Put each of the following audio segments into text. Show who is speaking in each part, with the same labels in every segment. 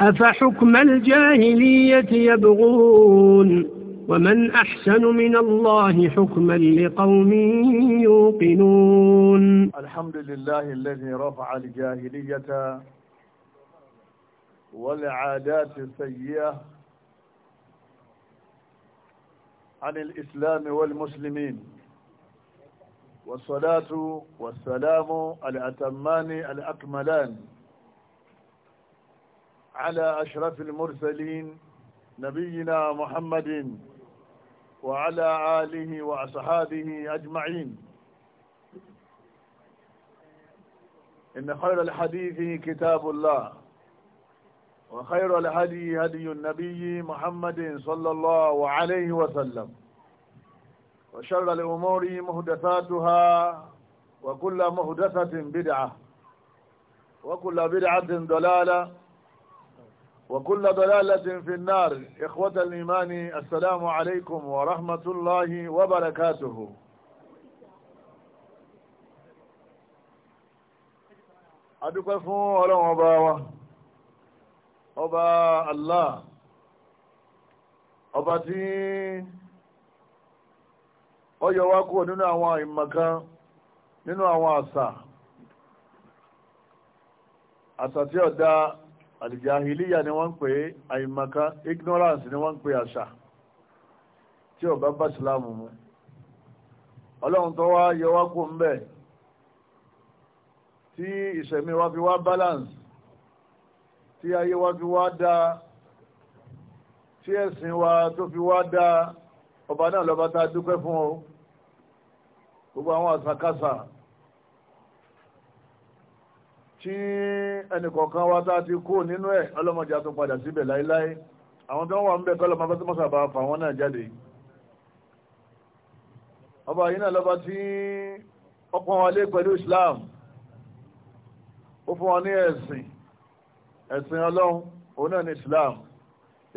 Speaker 1: أفحكم الجاهلية يبغون ومن أحسن من الله حكما لقوم يوقنون الحمد لله الذي رفع الجاهلية والعادات السيئة عن الإسلام والمسلمين والصلاة والسلام الأتمان الأكملان على أشرف المرسلين نبينا محمد وعلى آله وأصحابه أجمعين إن خير الحديث كتاب الله وخير الهدي هدي النبي محمد صلى الله عليه وسلم وشر الأمور مهدثاتها وكل مهدثة بدعة وكل بدعة ضلالة وكل ضلالة في النار إخوة الإيمان السلام عليكم ورحمة الله وبركاته adúpẹ́ fún ọlọ́run ọba wa ọba Allah ọba tí ó yọ wá kúrò nínú àwọn ìmọ̀kan nínú àwọn àṣà àṣà tí ó dáa àlìjáhìlíyà ni wọ́n ń pè àìmọ̀ká ignorance ni wọ́n ń pè àṣà tí ó bá bá ìsìláàmù mu ọlọ́run tó wá yọ wá kó ń bẹ̀ tí ìṣẹ̀mí wa fi wá balance tí ayé wa fi wá dáa tí ẹ̀sìn wa tó fi wá dáa ọba náà lọ́ba tá a dúpẹ́ fún o gbogbo àwọn àṣàkáṣà tí ẹnìkọ̀ọ̀kan wa tá a ti kú nínú ẹ̀ ọlọ́mọdé a tún padà síbẹ̀ láíláí àwọn tó wà ń bẹ̀ kọ́lọ́mọ fẹ́ tó mọ̀ sábà fà wọ́n náà jáde ọba yìí náà lọ́ba tí ọpọ́n wa lé pẹ̀lú Islam ó fún wọn ní ẹ̀sìn ẹ̀sìn ọlọ́run òun náà ní Islam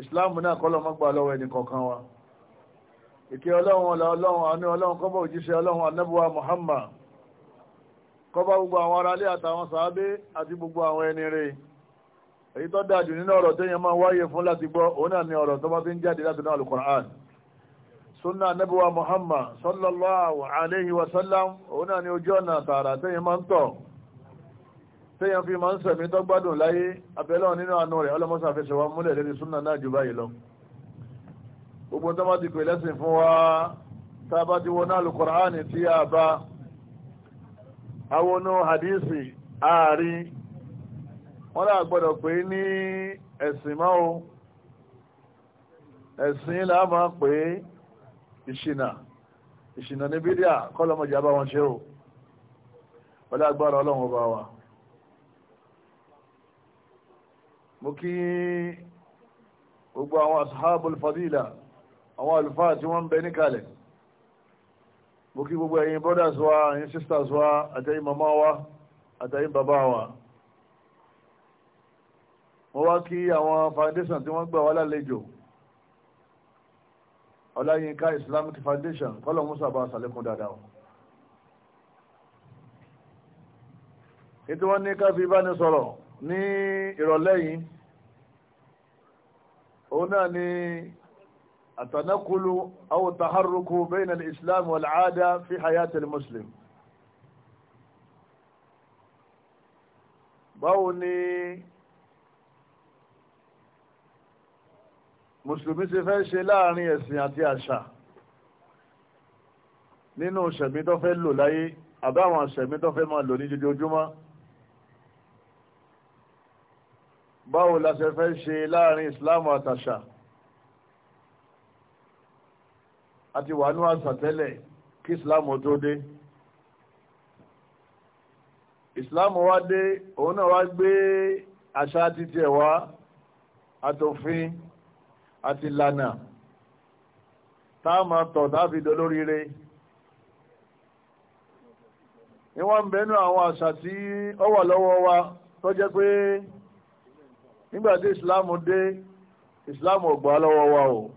Speaker 1: Islam náà kọ́lọ́mọ gbà lọ́wọ́ ẹnìkọ̀ọ̀kan wa ìkẹ́ ọlọ́run ọ̀là ọlọ́run àánú ọlọ́run kọ́bọ̀ òjíṣẹ́ ọlọ́run anábùwà Muhammad kọba gbogbo àwọn aráalé àtàwọn sàábé àti gbogbo àwọn ẹni rẹ̀ èyí tó dájú nínú ọ̀rọ̀ tó yẹn máa wáyé fún láti gbọ́ òun náà ni ọ̀rọ̀ tó bá fi ń jáde láti náà alukur'an sunna anabiwa muhammad sallallahu alayhi wa sallam òun náà ni ojú ọ̀nà tààrà tó yẹn máa ń tọ̀ tó yẹn fi máa ń sẹ̀mí tó gbádùn láyé abẹ́lẹ́ nínú àánú rẹ̀ ọlọ́mọsà fẹsẹ̀ wa múlẹ̀ lórí sunna náà jù báyìí lọ gbogbo tó bá ti pè lẹ́sìn fún wa tá a bá ti wọ náà alukur'an tí a bá awonú hadisi ààrí wọ́n láà gbọ́dọ̀ pé ní ẹ̀sìn mọ́ o ẹ̀sìn là máa pé ìṣìnà ìṣìnà ní bídíà kọ́lọ́mọjà bá wọn ṣe o wọ́n láà gbọ́dọ̀ ọlọ́run ọba wa mo kí gbogbo àwọn asahabul fadila àwọn àlùfáà tí wọ́n ń bẹ mo kí gbogbo ẹ̀yin brothers wa ẹ̀yin sisters wa àtẹ̀yin mama wa àtẹ̀yin baba wa mo wá kí àwọn foundation tí wọ́n gbà wá lálejò ọláyínká islamic foundation kọ́lọ̀ musa bá sàlékún dáadáa ètò wọn ní ká fi ìbánisọ̀rọ̀ ní ìrọ̀lẹ́ òun náà ni. التنقل أو التحرك بين الإسلام والعادة في حياة المسلم báwo ni mùsùlùmí ti fẹ́ ṣe láàrin ẹ̀sìn àti àṣà nínú ṣẹ̀mí tó fẹ́ lò láyé àbáwọn ṣẹ̀mí tó fẹ́ máa lò ní jojoojúmọ́ báwo la ṣe fẹ́ ṣe láàrin islam àtàṣà àti wà ní àṣà tẹ́lẹ̀ kí islam tó dé islam wá dé òun náà wá gbé àṣà títí ẹ̀ wá àtòfin àti lànà táàmà tọ̀ tàbí dolóríire ni wọ́n ń bẹnu àwọn àṣà tí ó wà lọ́wọ́ wa tó jẹ́ pé nígbàtí islam dé islam ò lọ́wọ́ wa o. Wa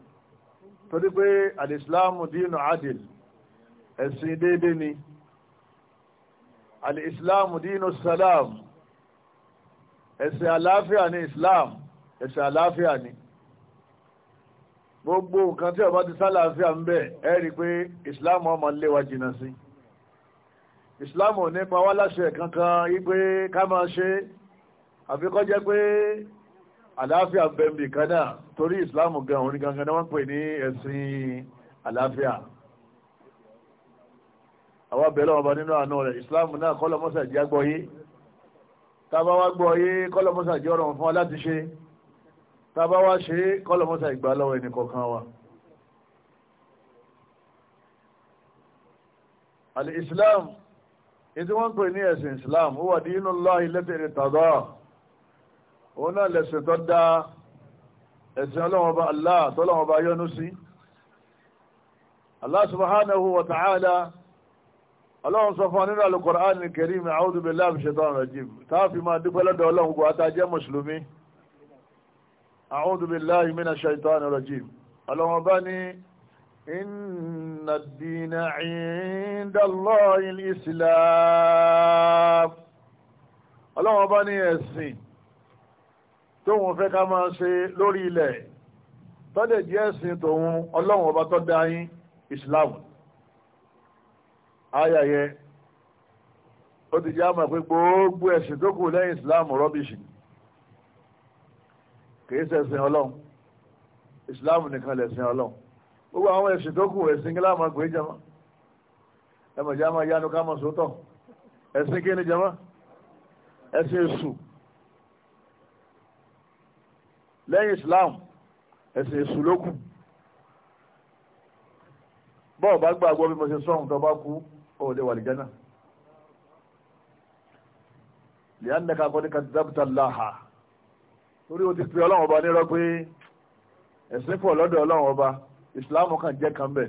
Speaker 1: torí pé alìsìláàmù dínú adìl ẹ̀sìn déédé ni alìsìláàmù dínú salam ẹ̀sìn àlàáfíà ni islam ẹ̀sìn àlàáfíà ni gbogbo nǹkan tí ó bá ti sálàáfíà ń bẹ ẹ rí i pé islam ọmọ lé wa jìnnà sí islam ò ní wá láṣẹ kankan yí pé ká máa ṣe àfikọ́ jẹ́ pé àlàáfíà bẹ̀m̀bì kan náà torí ìsìláàmù gan òní gangan náà wọ́n pè ní ẹ̀sìn àlàáfíà àwọn abẹ́lẹ̀ ọba nínú àánú rẹ̀ ìsìláàmù náà kọ́lọ̀ mọ́sà jẹ́ agbọ́yé tábà wá gbọ́yé kọ́lọ̀ mọ́sà jẹ́ ọ̀rọ̀ fún wa láti ṣe tábà wá ṣe kọ́lọ̀ mọ́sà ìgbà lọ́wọ́ ẹnì kọ̀ọ̀kan wa. àlè ìsìláàmù ètò wọ́n pè òun náà lẹ̀sìn tó dá ẹ̀sìn ọlọ́wọ́n bá Allah tọ́lọ́wọ́n bá yọ́nú sí Allah subhanahu wa ta'ala ọlọ́run sọ fún wa nínú al-Qur'an al-Karim a'udhu billahi minash shaitanir rajim káàfin máa dúpẹ́ lọ́dọ̀ ọlọ́run gbogbo àtàjẹ́ mùsùlùmí a'udhu billahi minash shaitanir rajim tóun fẹ́ ká máa ṣe lórí ilẹ̀ tọ́lẹ̀ jẹ́ ẹ̀sìn tòun ọlọ́run ọba tó dá yín islam ayẹyẹ ó ti já mọ̀ pé gbogbo ẹ̀sìn tó kù lẹ́yìn islam rọ́bìṣì kìí ṣẹ̀sìn ọlọ́run islam nìkan lẹ̀sìn ọlọ́run gbogbo àwọn ẹ̀sìn tó kù ẹ̀sìn kí láàmú pé jẹmọ́ ẹmọ̀ jẹ́ àmọ́ yánu ká mọ̀ sótọ̀ ẹ̀sìn kí ni jẹmọ́ ẹ̀sìn èṣù lẹ́yìn islam ẹ̀sìn èṣù ló kù bọ́ọ̀ bá gbàgbọ́ bí mo ṣe sọ́hun tó bá kú ó lè wà lè jẹ́nà lẹ́yìnlẹ́ka kọ́ ní kàdídàbùtà láhà torí o ti pe ọlọ́run ọba nírọ́ pé ẹ̀sìn pọ̀ lọ́dọ̀ ọlọ́run ọba islam kan jẹ́ kan bẹ̀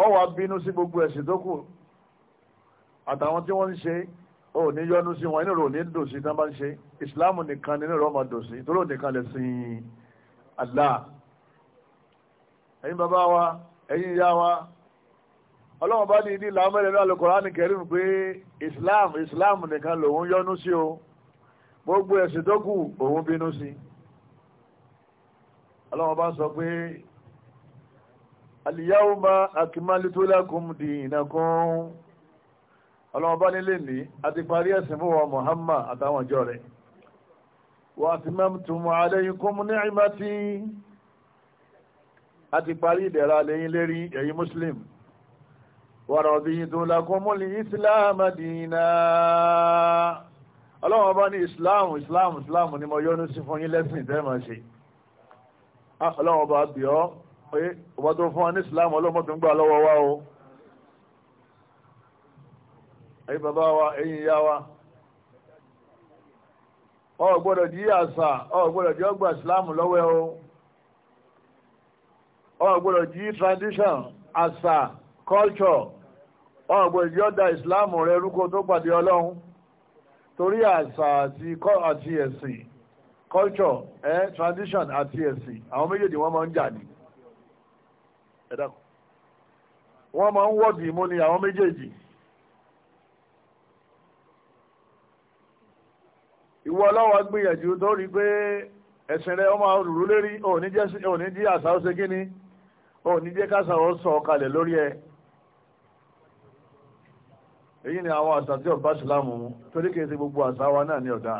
Speaker 1: ọ wá bínú sí gbogbo ẹ̀sìn tó kù àtàwọn tí wọ́n ń ṣe ó ní yọnu sí wọn inú rò ní dòsí tán bá ń ṣe ìsìláàmù nìkan nínú rò ọmọ dòsí torí nìkan lè sin Allah ẹ̀yin bàbá wa ẹ̀yin ìyá wa ọlọ́run bá ní ìdí làmẹ́rẹ̀ náà Al-Qur'an Karim pé islam islam nìkan lòun yọ́nú sí o gbogbo ẹ̀sìn tó kù òun bínú sí ọlọ́run bá sọ pé al-yawma akmaltu lakum dinakum ọlọ́wọ́n bá nílé ní àti parí ẹ̀sìn fún wa Muhammad àtàwọn ọjọ́ rẹ̀ wa atmamtum alaykum ni'mati àti parí ìdẹ̀ra lẹ́yìn lérí ẹ̀yin muslim wa raditu lakumul islam dina ọlọ́wọ́n bá ní islam islam islam ni mo yọ́nú sí fún yín lẹ́sìn tẹ́ máa ṣe ah, ọlọ́wọ́n bá bí ọ́ ọba tó fún wa ní islam ọlọ́mọ ẹ̀yin bàbá wa ẹ̀yin ìyá wa ọ gbọ́dọ̀ di àṣà ọ gbọ́dọ̀ di ọgbà ìsìláàmù lọ́wọ́ ẹ o ọ gbọ́dọ̀ di tradition àṣà culture ọ gbọ́dọ̀ di ọ̀dà ìsìláàmù rẹ rúkọ tó pàdé ọlọ́run torí àṣà àti ẹ̀sìn culture eh, tradition àti ẹ̀sìn àwọn méjèèjì wọ́n máa ń jà ní ẹ̀dàkùn wọ́n máa ń wọ́dì mú ni àwọn méjèèjì. ìwọ ọlọ́wọ́ gbìyànjú tó rí pé ẹ̀sìn rẹ ọmọ rúrú lérí òní jí àṣà ó ṣe kí ni òní jẹ́ káṣà ó sọ kalẹ̀ lórí ẹ èyí ni àwọn àṣà tí ọba ṣìlámù torí kìí ṣe gbogbo àṣà wa náà ní ọ̀dà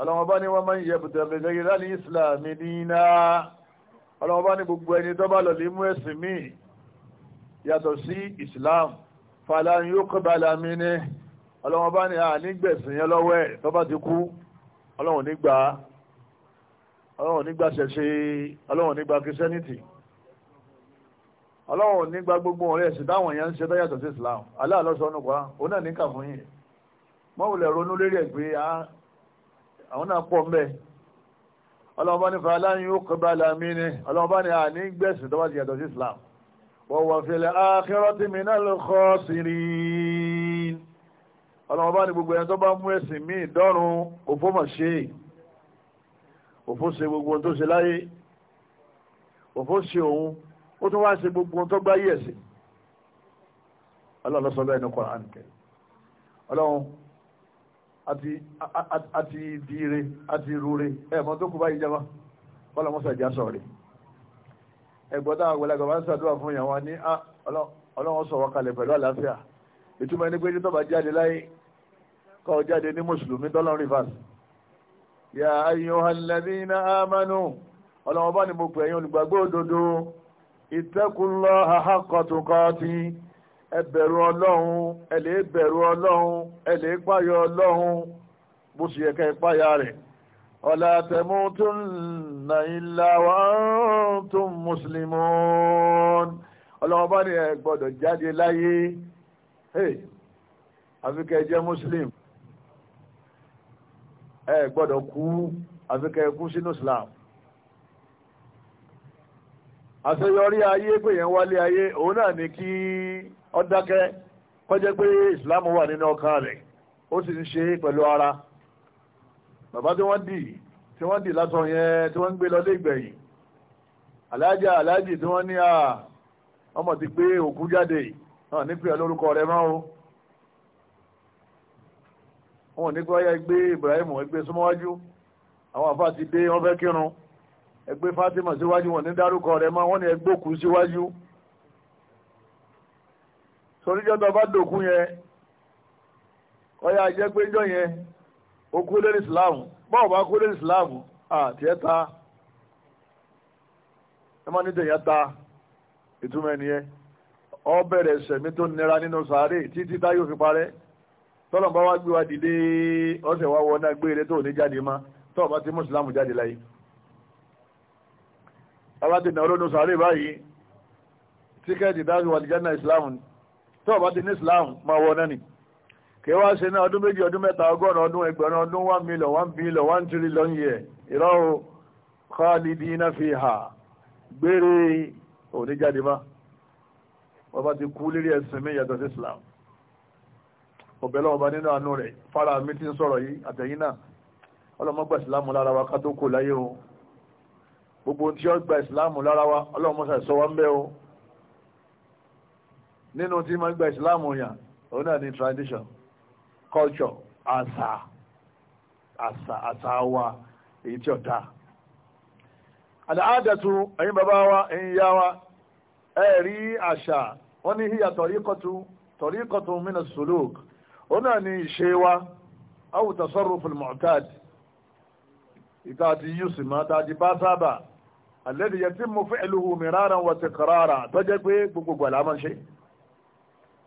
Speaker 1: ọlọ́wọ́n bá ní wọ́n máa ń yẹ bùtẹ̀ bẹ̀rẹ̀ yìí láti ìsìlámì dínà ọlọ́wọ́n bá ní gbogbo ẹni tó bá lọ̀lẹ́ mú ẹ̀sìn míì yàtọ̀ sí ìsìlámù fàlàyé ó kọ́ bá lámì ní ọlọ́wọ́n bá ní ànígbẹ̀sìn yẹn lọ́wọ́ ẹ̀ tó bá ti kú ọlọ́wọ́n nígbà ọlọ́wọ́n nígbà ṣẹ̀ṣe ọlọ́wọ́n nígbà christianity ọlọ́wọ́n nígbà gbogbo ọ̀rẹ́ ẹ̀sìn táwọn èèyàn ń ṣe dáyàtọ̀ sí islam aláàlọ́sọ̀ọ́nù pa òun náà níkà fún yìí mọ́wùlẹ̀ ronú lérí ẹ̀ pé àwọn náà pọ̀ mbẹ́ ọlọ́wọ́n bá ní fàlàyé ó kọba lámì ní ọlọ́wọ́n bá ní ànígbẹ̀sìn tó bá ti yàtọ̀ sí islam wọ́n wọ́n fi lẹ́ àkẹ́rọ́tìmínà ló kọ́ sírí ọlọ́run bá ní gbogbo ẹni tó bá mú ẹ̀sìn míì dọ́run òfó mọ̀ ṣe òfó ṣe gbogbo ohun tó ṣe láyé òfó ṣe òun ó tún wá ṣe gbogbo ohun tó gbá yẹ̀ sí ọlọ́run lọ sọ bẹ́ẹ̀ ní Qur'an kẹ ọlọ́run àti àti diire àti rure ẹ̀mọ́ tó kú báyìí jẹba ọlọ́run mọ́sá ìjà bá ń ṣàdúrà fún ìyàwó ní ah, ọlọ́run sọ̀rọ̀ kalẹ̀ pẹ̀lú àlàáfíà ìtumọ̀ ẹni pé tí tọ́ba jáde láyé kọ́ ọ jáde ní mùsùlùmí tọ́lọ́run rivers ya ayyuhal ladhina amanu ọlọ́wọ́n bá ní mo pè ẹ̀yin olùgbàgbọ́ òdodo ittaqullaha haqqa tuqati ẹ bẹ̀rù ọlọ́run ẹ lè bẹ̀rù ọlọ́run ẹ lè páyọ ọlọ́run bó sì yẹ ká ẹ rẹ̀ ọ̀là tamutunna illa wa antum muslimun ọlọ́wọ́n bá ní ẹ gbọ́dọ̀ jáde láyé àfikẹ́ jẹ́ muslim ẹ gbọdọ kú àfikẹ́ kú sínú islam àṣeyọrí ayé pé yẹn wálé ayé òun náà ní kí ọ dákẹ́ kọjá pé islam wà nínú ọkàn rẹ̀ ó sì ń ṣe pẹ̀lú ara bàbá tí wọ́n dì tí wọ́n dì látọ̀ yẹn tí wọ́n ń gbé lọ lẹ́gbẹ̀yìn alájà alájì tí wọ́n ní à ọmọ ti gbé òkú jáde yìí hàn ní pé olórúkọ rẹ máa o wọn ní pé ọyá Ibrahim ẹgbẹ́ súnmọ́wájú àwọn àfa ti dé wọn fẹ́ kírun ẹgbẹ́ Fatima síwájú wọn ní dárúkọ rẹ máa wọn ní ẹgbẹ́ òkú síwájú sọríjọ́ tó bá dòkú yẹn ọyá ajẹ́gbẹ́jọ́ yẹn ó kú lórí Islam báwo bá kú lórí Islam àti ẹ̀ ta ẹ má ní tẹ̀yẹ́ ta ìtumọ̀ ẹ̀ nìyẹn ọ bẹ̀rẹ̀ sẹ̀mí tó nira nínú sàárè títí táyò fi parẹ́ tọ́lọ̀ bá wá gbé wa dìde ọ̀sẹ̀ wá wọná gbére tó ní jáde má tọ́ọ̀ bá ti mùsùlùmù jáde láyé bàbá ti nàró nínú sàárè báyìí tíkẹ́ẹ̀tì dáhùn wà nìjánà ìsìláàmù tọ́ọ̀ bá ti ní ìsìláàmù máa wọná ni kí wá ṣe ní ọdún méjì ọdún mẹ́ta ọgọ́rùn ọdún ẹgbẹ̀rún ọdún one million one billion one trillion year ìrọ̀ khalidina fiha gbére òní jáde má ọba ti kú lérí ẹ̀sìn mi yàtọ̀ sí islam ọ̀bẹ̀lọ́ ọba nínú àánú rẹ̀ fara mi ti ń sọ̀rọ̀ yìí àtẹ̀yìn náà ọlọ́mọgbà ìsìláàmù lára wa ká tó kò láyé o gbogbo tí ó gba ìsìláàmù lára wa ọlọ́mọsà ìsọ wa ń bẹ o nínú tí máa gba ìsìláàmù yàn òun náà ni tradition culture àṣà àṣà àṣà wa èyí tí ó dáa àdáàdàtú ẹ̀yin bàbá wa ẹ̀yin yá wa ẹ rí àṣà wọ́n ní híyà tọ̀ríkọ̀tù tọ̀ríkọ̀tù mina suluk ó náà ní ìṣe wa awu tasarrufu al-mu'tad ìta ti yusuf ma ta ti bá sábà alladhi yatimmu fi'luhu miraran wa tikrara tó jẹ́ pé gbogbo gbàlá máa ń ṣe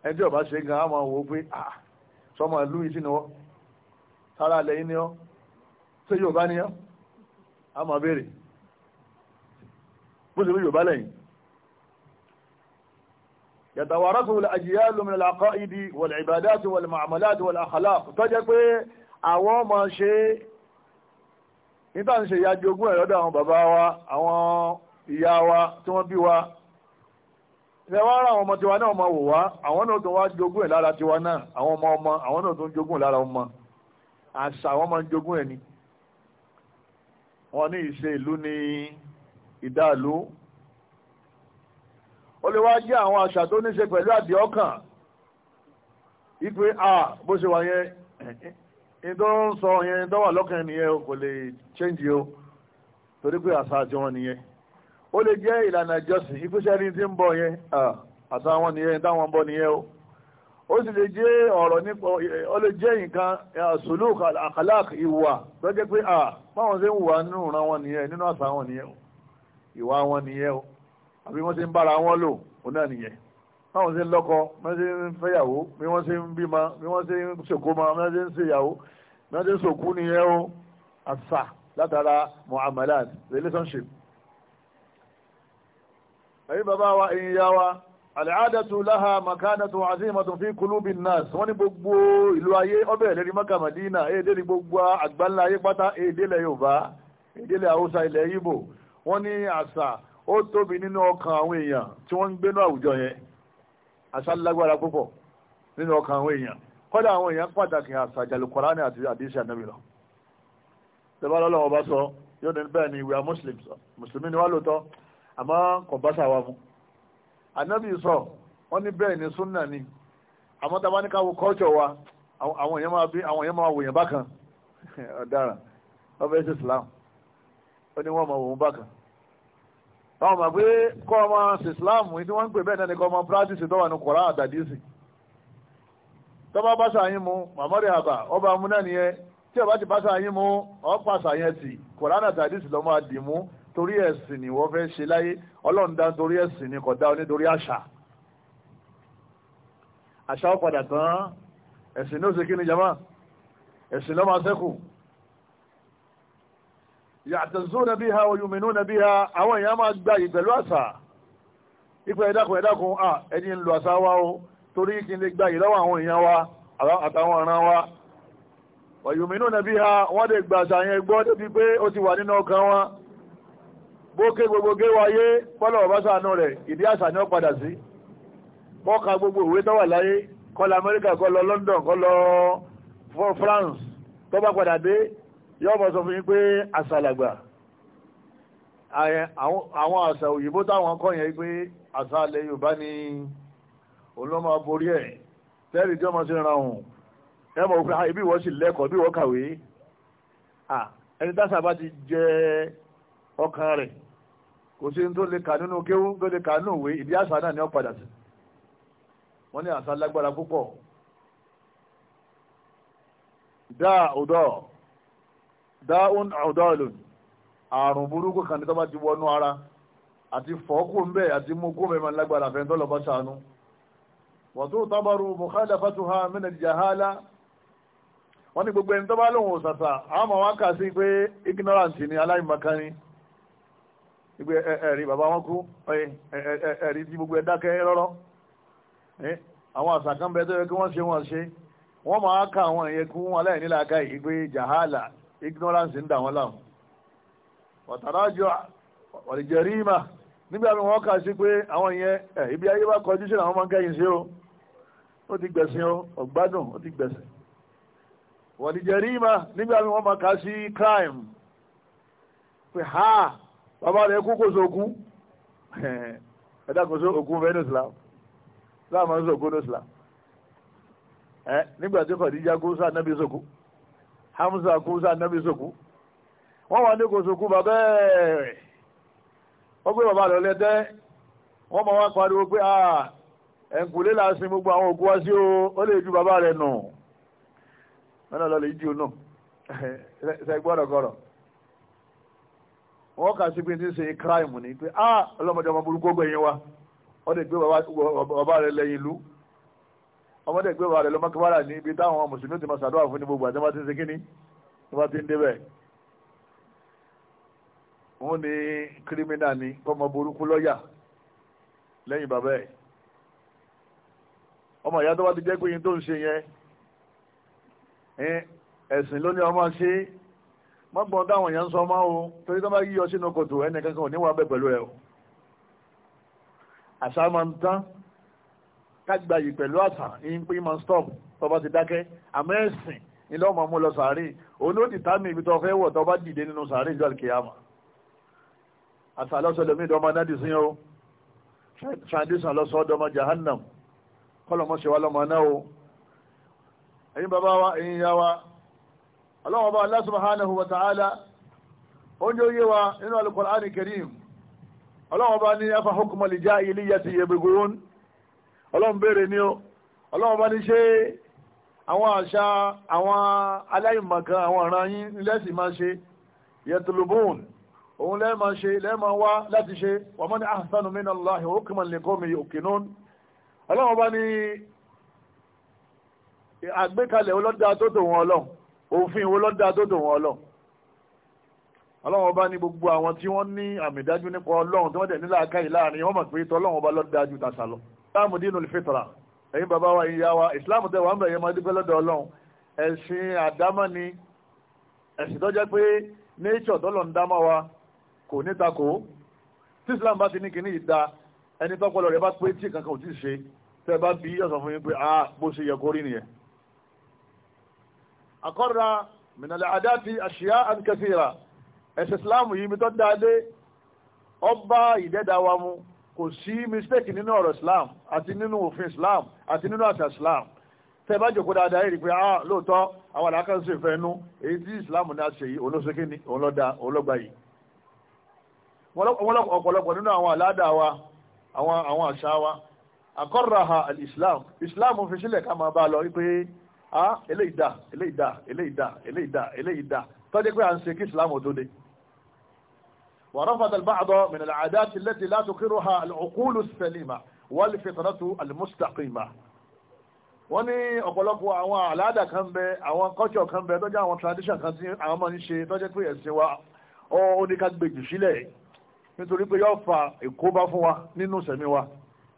Speaker 1: ẹjọ́ bá ṣe gan àwọn òwò pé ah sọmọ ìlú yìí sí ni wọ́n sára lẹ́yìn ni ọ́ ṣé Yorùbá ni ọ́ a béèrè bó ṣe bí Yorùbá lẹ́yìn yàtàwàrátù àjíyàlù min al-aqaidi wal-ibadati wal-mu'amalati wal-akhlaq tó jẹ́ pé àwọn ọmọ ṣe níta ń ṣe ìyájú ogún ẹ̀rọ́dọ̀ àwọn bàbá wa àwọn ìyá wa tí wọ́n bí wa ṣe wá ra àwọn ọmọ tiwa náà ọmọ wò wá àwọn náà tún wá jogún ẹ̀ lára tiwa náà àwọn ọmọ ọmọ àwọn náà tún jogún lára ọmọ àṣà àwọn máa jogún ẹ̀ ni wọ́n ní ìṣe ìlú ní ìdá ó lè wá jẹ́ àwọn àṣà tó ní ṣe pẹ̀lú àdì ọkàn ipe a bó ṣe wà yẹn ní tó ń sọ yẹn tó wà lọ́kàn nìyẹn kò lè change o torí pé àṣà àti wọn nìyẹn ó lè jẹ́ ìlànà ìjọsìn ìpínṣẹ́ ní ti ń bọ̀ yẹn àṣà wọn nìyẹn táwọn ń bọ̀ nìyẹn o ó sì lè jẹ́ ọ̀rọ̀ nípa ó lè jẹ́ nǹkan suluk akhlaq ìwà tó jẹ́ pé à báwọn ṣe ń wà nínú ìran wọn nìyẹn nínú àṣà wọn nìyẹn o ìwà wọn nìyẹn o àbí wọ́n ti ń bára wọn lò òun náà nìyẹn báwọn ṣe ń lọ́kọ wọ́n ṣe ń fẹ́yàwó bí wọ́n ṣe ń bímọ bí wọ́n ṣe ń ṣòkómọ bí wọ́n ṣe ń ṣèyàwó bí wọ́n ṣe ń ṣòkú nìyẹn o àṣà látara muamalat relationship. ẹ̀yin bàbá wa ẹ̀yin ìyá wa àlẹ́àdàtú láha makanatu azimatu fi kulubi nas wọ́n ní gbogbo ìlú ayé ọbẹ̀ ìlérí maka madina èdè ní gbogbo àgbáńlá ayé pátá èdè ilẹ̀ yorùbá èdè ilẹ̀ haúsá ilẹ̀ yíbò wọ́n ní àṣà ó tóbi nínú ọkàn àwọn èèyàn tí wọ́n ń gbénú àwùjọ yẹn àṣà púpọ̀ nínú ọkàn àwọn èèyàn kọ́dà àwọn èèyàn pàtàkì àṣàjàlù kọ́ránì àti àdìsí ànábì lọ. ìjọba ọlọ́wọ́ bá sọ yóò ní bẹ́ẹ̀ ni we are muslims mùsùlùmí ni wá lóòótọ́ àmọ́ kò bá sàwa mu. ànábì sọ wọ́n ní bẹ́ẹ̀ ni sunna ni àmọ́ tá a bá ní káwọ́ culture wa àwọn èèyàn máa bí àwọn èèyàn máa wòyàn bákan ọ̀daràn islam ó ní wọ́n máa bákan àwọn ọmọ pé kọ́ ọmọ islam tí wọ́n ń pè bẹ́ẹ̀ náà ni kọ́ ọmọ practice tó wà ní kọ̀ọ̀rán àtàdísì tọ́ba bá sàyín mu mamari àbà ọba amúnà nìyẹn tí ọba ti bá sàyín mu ọ̀pá sàyẹn tì kọ̀ọ̀rán àtàdísì lọ́mọ àdìmú torí ẹ̀sìn ni wọ́n fẹ́ ṣe láyé ọlọ́run dá torí ẹ̀sìn ni kódà onítorí àṣà àṣà ó tán ẹ̀sìn ní ó ṣe kí ni jama ẹ̀sìn lọ́mọ asẹ́kù yàtàzúnà bí ha oyùmínúnà bí ha àwọn èèyàn máa gba ìpẹ̀lú àṣà ipò ẹ̀dàkùn ẹ̀dàkùn à ẹni ń lo àṣà wa o torí kí n lè gba ìlọ́wọ́ àwọn èèyàn wa àtàwọn ọ̀ràn wa oyùmínúnà bí ha wọ́n lè gba àṣà yẹn gbọ́ débi pé ó ti wà nínú ọkàn wọn bókè gbogbo gé wáyé pọ́lọ̀ ọ̀bá sànú rẹ̀ ìdí àṣà ni ó padà sí bọ́ka gbogbo ìwé tó wà láyé kó Amẹ́ríkà kó London kó France tó bá padà dé yọ́ mọ̀ sọ fún yín pé àṣàlàgbà àwọn àṣà òyìnbó táwọn kọ́ yẹn pé àṣà alẹ́ Yorùbá ni olóma borí ẹ̀ tẹ́rì tí ọmọ sí ran òun ẹ mọ̀ pé ah, ibi ìwọ sì lẹ́kọ̀ọ́ bí wọ́n kàwé ẹni táṣà bá ti jẹ ọkàn rẹ̀ kò sí tó lè kà nínú kéwú tó lè kà nínú òwe ìdí àṣà náà ni ó padà sí wọ́n ní àṣà lágbára púpọ̀ dáa òdọ́ọ̀ dáhùn àwùdáwìlòn àrùn burúkú kan ní tó bá ti wọnú ara àti fọ́kù ń bẹ́ àti mú kó mẹ́mà lágbára fẹ́ tó lọ́bá sànú wọ́n tó tábàrù mọ̀kádà fatuha mẹ́nà jahala wọ́n ní gbogbo ẹni tó bá lóhun àmọ́ wá kà sí pé ignorance ni aláìmọ̀kánni ìgbé ẹ̀rí bàbá wọn kú ẹ̀rí tí gbogbo ẹ̀dákẹ́ rọ́rọ́ àwọn àṣà kan bẹ tó yẹ kí wọ́n ṣe wọ́n ṣe wọ́n máa ka àwọn ìyẹn kún ìgbé jahala ignorance ń dà wọ́n láwọn ọ̀tàrájọ ọ̀lẹ̀jẹ̀rìmà nígbà mi wọ́n kà sí pé àwọn yẹn ibi ayé bá kọjú sí làwọn máa ń kẹ́yìn sí o ó ti gbẹ̀sìn o ọ̀gbádùn ó ti gbẹ̀sìn ọ̀lẹ̀jẹ̀rìmà nígbà mi wọ́n máa kà sí crime pé ha bàbá rẹ̀ kú kò sókú ẹ̀dá kò sókú venezuela láàmú sókú venezuela nígbà tí kọ̀díjà kú sáà nábì sókú hamza kú sáà nẹ́bí sòkú wọ́n wà ní kò sòkú bàbá ẹ̀ wọ́n gbé bàbá rẹ̀ lẹ́tẹ́ wọ́n máa wá pariwo pé à ẹ̀ǹkùlé láàsìn gbogbo àwọn òkú wá sí o ó lè ju bàbá rẹ̀ nù mẹ́nà lọ lè jí o náà ṣe gbọ́dọ̀ wọ́n kà sí pé ní ṣe crime ní pé à ọlọ́mọdé ọmọ burúkú gbẹ̀yìn wa ó lè gbé bàbá rẹ̀ lẹ́yìn ìlú ọmọdé gbé wa rẹ̀ lọ́mọ kábàrà ní ibi táwọn mùsùlùmí ti máa ṣàdúrà fún ní gbogbo àti wọ́n ti ń ṣe kíní tí wọ́n ti ń débẹ̀. wọ́n ní kírímínà ni kọ́mọ burúkú lọ́ọ̀yà lẹ́yìn bàbá ẹ̀. ọmọ ìyá tó bá ti jẹ́ pé yín tó ń ṣe yẹn ẹ̀sìn ló ní ọmọ ṣe má gbọ́n táwọn èèyàn ń sọ máa o torí tó bá yí ọ sínú kòtò ẹnìkankan ò ní wà bẹ́ẹ̀ pẹ̀lú ẹ o àṣà máa ń tán kágbàyè pẹ̀lú àṣà ní pé máa stop tó bá ti dákẹ́ àmọ́ ẹ̀sìn ni lọ́wọ́ máa mú lọ sàárè òun ló ti tá mi ibi tó fẹ́ wọ̀ tó bá dìde nínú sàárè ìjọ àlùkìyàmà àṣà lọ́sọ̀lọ́mí ìdọ́mọ náàdì sí o tradition lọ́sọ̀ọ́dọ́mọ jahannam kọ́lọ̀mọ́ ṣe wá lọ́mọ náà o ẹ̀yin bàbá wa ẹ̀yin ya wa ọlọ́wọ́ bá Allah subhanahu wa ta'ala oúnjẹ oyé wa nínú al-Qur'an bá ní afa hukma al-jahiliyyati yabghun ọlọ́run béèrè ni ó ọlọ́run bá ní ṣe àwọn àṣà àwọn aláìmọ̀kan àwọn ọ̀ràn yín lẹ́sìn máa ṣe yẹtùlùbùn òun lẹ́ẹ̀ máa ṣe lẹ́ẹ̀ máa wá láti ṣe wa man ahsanu minallahi hukman liqawmin yuqinun ọlọ́run bá ní àgbékalẹ̀ olódà tó tò wọn ọlọ́run òfin olódà tó tò wọn ọlọ́run ọlọ́run ọba ní gbogbo àwọn tí wọ́n ní àmì dájú nípa ọlọ́run tí wọ́n dẹ̀ nílà káyì láàrin wọ́n mọ̀ pé tọ́lọ́run ọba lọ́dájú tàṣà lọ islam dínú fitra ẹ̀yin bàbá wa yìí yá wa islam tẹ wà ń bẹ̀ yẹn máa dúpẹ́ lọ́dọ̀ ọlọ́run ẹ̀sìn àdámọ́ ni ẹ̀sìn tó jẹ́ pé nature tọ́lọ̀ ń dámọ́ wa kò ní takò tí islam bá ti ní kíní yìí da ẹni tọ́pọ̀ lọ rẹ̀ bá pé tí kankan ò tí ì ṣe tẹ́ bá bí ọ̀sán fún yín pé ah bó ṣe yẹ kó rí nìyẹn. àkọ́ra mìnàlẹ́ àdá ti àṣìyá àti kẹsìrà ẹ̀sìn islam yìí mi tó dáadé ọba ìdẹ́dáwa mu kò sí mistake nínú ọ̀rọ̀ islam àti nínú òfin islam àti nínú àṣà islam tẹ́ bá jòkó dáadáa rí pé ah lóòótọ́ àwọn àdákànṣe ìfẹ́ inú èyí tí islam ní àṣẹ yìí olóṣèké ni òun lọ́dà ológba yìí ọ̀pọ̀lọpọ̀ nínú àwọn àládà wa àwọn àwọn àṣà wa àkọ́rọ̀ha islam islam fi sílẹ̀ ká máa bá lọ wípé ah eléyìí dà eléyìí dà eléyìí dà eléyìí dà tọ́jú pé à ń ṣe kí islam ò tó de. ورفض البعض من العادات التي لا تقرها العقول السليمة والفطرة المستقيمة wọ́n ní àwọn àlàádà kan bẹ àwọn culture kan bẹ tọ́jú àwọn tradition kan tí àwọn máa ń ṣe tọ́jú pé ẹ̀sìn wa ó ní ká gbèjì sílẹ̀ nítorí pé yóò fa ìkóbá fún wa nínú sẹ̀mí wa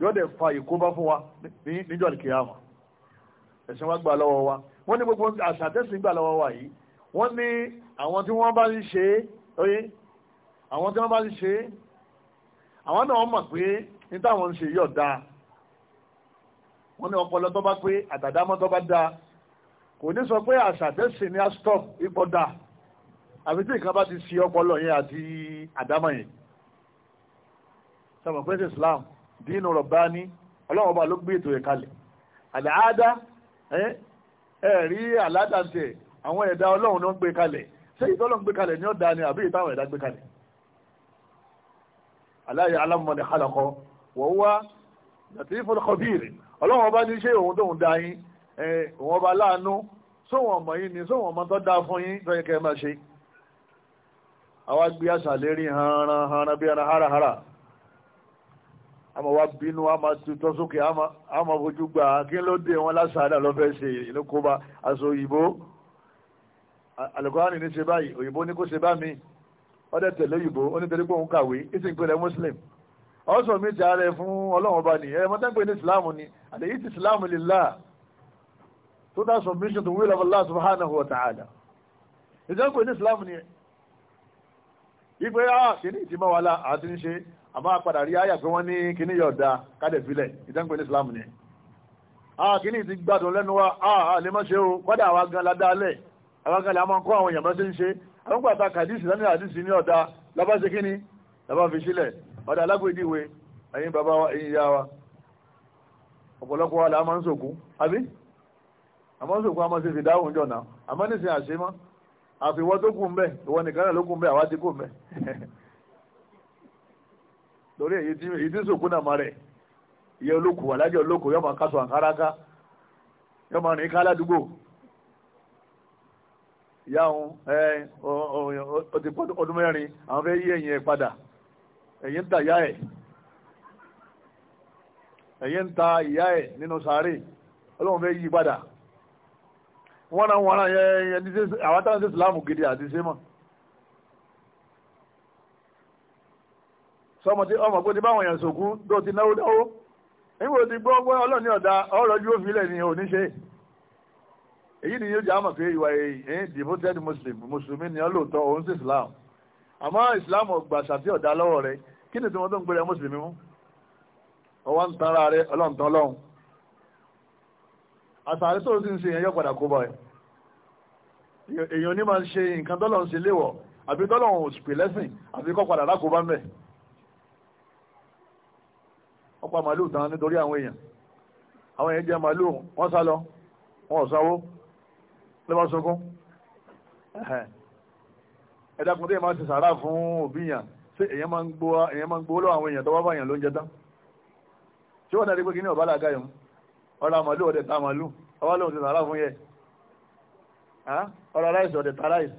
Speaker 1: yóò dẹ̀ fa ìkóbá fún wa níjọ́ ìkìyàmọ̀ ẹ̀sìn wa gbà lọ́wọ́ wa wọ́n ní gbogbo àṣà tẹ́sìn gbà lọ́wọ́ wa yìí wọ́n ní àwọn tí wọ́n bá ń ṣe é àwọn tí wọ́n bá ti ṣe àwọn náà mọ̀ pé ní táwọn ń ṣe yọ̀ dáa wọ́n ní ọpọlọ tó bá pé àtàdámọ́ tó bá dáa kò ní sọ pé àṣà tẹ́sí ni a stop ipò dáa àfi tí nǹkan bá ti ṣe ọpọlọ yẹn àti àdámọ́ yẹn sọmọ pé Islam dínú rọ̀bání ọlọ́run ọba ló gbé ètò ẹ̀ kalẹ̀ àdáadá ẹ̀rí àládàntẹ̀ àwọn ẹ̀dá ọlọ́run ló ń gbé kalẹ̀ ṣé ìtọ́lọ́ ń gbé kalẹ̀ ni ó dáa ni àbí ìtàwọn ẹ̀dá gbé kalẹ̀ aláyé alámọ̀ni kálọ̀kọ́ wọ́n wá àti ìfọ̀lọ́kọ̀bìrì ọlọ́wọ́n ọba ní iṣẹ́ òun tóun dá yín òun ọba láàánú sóhun ọmọ yín ni sóhun ọmọ tó dáa fún yín tó yẹ kẹ́ ẹ máa ṣe àwa gbé àṣà lérí hanranhanran bí ẹran hárahára àmọ́ wa bínú àmọ́ tutọ́ sókè àmọ́ fojú gbà kí ló dé wọn lásàádà lọ́fẹ́ ṣe ìlú kóbá aṣọ òyìnbó alùpàá ní ní ṣe báyìí òyìnbó ní kó ṣe bá mi ọdẹ tẹ̀lé òyìnbó onítorí pé òun kàwé ìsìn ìpínlẹ̀ muslim ọ̀sán mi ti ààrẹ fún ọlọ́run ọba nìyẹn ẹ̀mọ́ tẹ́ǹpé ní islam ni àlèyí ti islam lillah total submission to will of allah subhanahu wa ta'ala ìjọba ní islam nìyẹn ìgbé ah kìíní ìtìmọ̀ wa la àti ń ṣe àmọ́ àpadà rí àyà pé wọ́n ní kìíní yọ̀ọ̀dà kádẹ̀ filẹ̀ ìjọba ní islam nìyẹn ah kìíní ti gbádùn lẹ́nu wa ah lè má ṣe o kọ́dà àwa gan la dálẹ̀ àwa gan la máa ń kọ́ àwọn èèyàn bá ṣe ń ṣe àwọn gbàtà kàdísì lánàá àdísì ní ọ̀dà lábá ṣe kíni lábá fi sílẹ̀ ọ̀dà alágbèdìwe ẹ̀yin bàbá wa ẹ̀yin ìyá wa ọ̀pọ̀lọpọ̀ wa là á máa ń sòkú àbí àmọ́ sòkú a máa ṣe fi dáhùn jọ̀nà àmọ́ nísìnyí àṣemọ́ àfiwọ́ tó kù ń bẹ̀ ìwọ nìkan náà ló kù ń àwa ti kù ń bẹ̀ èyí tí sòkú náà máa rẹ̀ ìyẹn olókùú alájẹ olókùú yọ yà òun ẹ ọ ti pọ́ ọdún mẹ́rin àwọn fẹ́ yí ẹ̀yìn ẹ̀ padà ẹ̀yìn ta ìyá ẹ̀ ẹ̀yìn ta ìyá ẹ̀ nínú sàárè ọlọ́run fẹ́ yí padà náà náà yẹ àwọn táwọn gidi àti sẹ́mọ̀ sọmọ tí ọmọ pé ti báwọn èèyàn sòkú tó ti náwó dáwó nígbà tí gbọ́ ọgbọ́n ọlọ́ọ̀ni ọ̀dà ọ̀rọ̀ yóò òní ṣe èyí ni yóò jẹ́ àmọ̀ pé ìwà èyí devoted muslim mùsùlùmí ni ọlọ́ọ̀tọ́ òun sí islam àmọ́ islam ọgbà ṣàtì ọ̀dà lọ́wọ́ rẹ kí ni tiwọn tó ń gbére mùsùlùmí mú ọwọ́ ń tan ara rẹ ọlọ́run tán lọ́hùn àtàrí tó ti ń ṣe yẹn yọ padà kó bọ̀ ẹ̀ èèyàn ní máa ń ṣe nǹkan tọ́lọ́run ṣe léwọ̀ àbí tọ́lọ́run ò pè lẹ́sìn àbí kọ́ padà lákòóbá mẹ́ ọ̀pọ̀ màlúù tán nítorí àwọn èèyàn àwọn èèyàn jẹ màlúù wọ́n sá lọ wọ́n ò sanwó lọ́wọ́ sọ́kún ẹ̀dàkùn tí èèyàn máa ti sàárà fún òbí yàn ṣé èèyàn máa ń gbowó lọ́wọ́ àwọn èèyàn tó wá bá yàn lóúnjẹ tán tí wọ́n dàdí pé kí ní ọ̀bá làgá yẹn ọ̀rọ̀ àmàlú ọ̀dẹ̀ ta àmàlú ọwọ́ lóhun ti sàárà fún yẹ ọ̀rọ̀ aláìsí ọ̀dẹ̀ ta aláìsí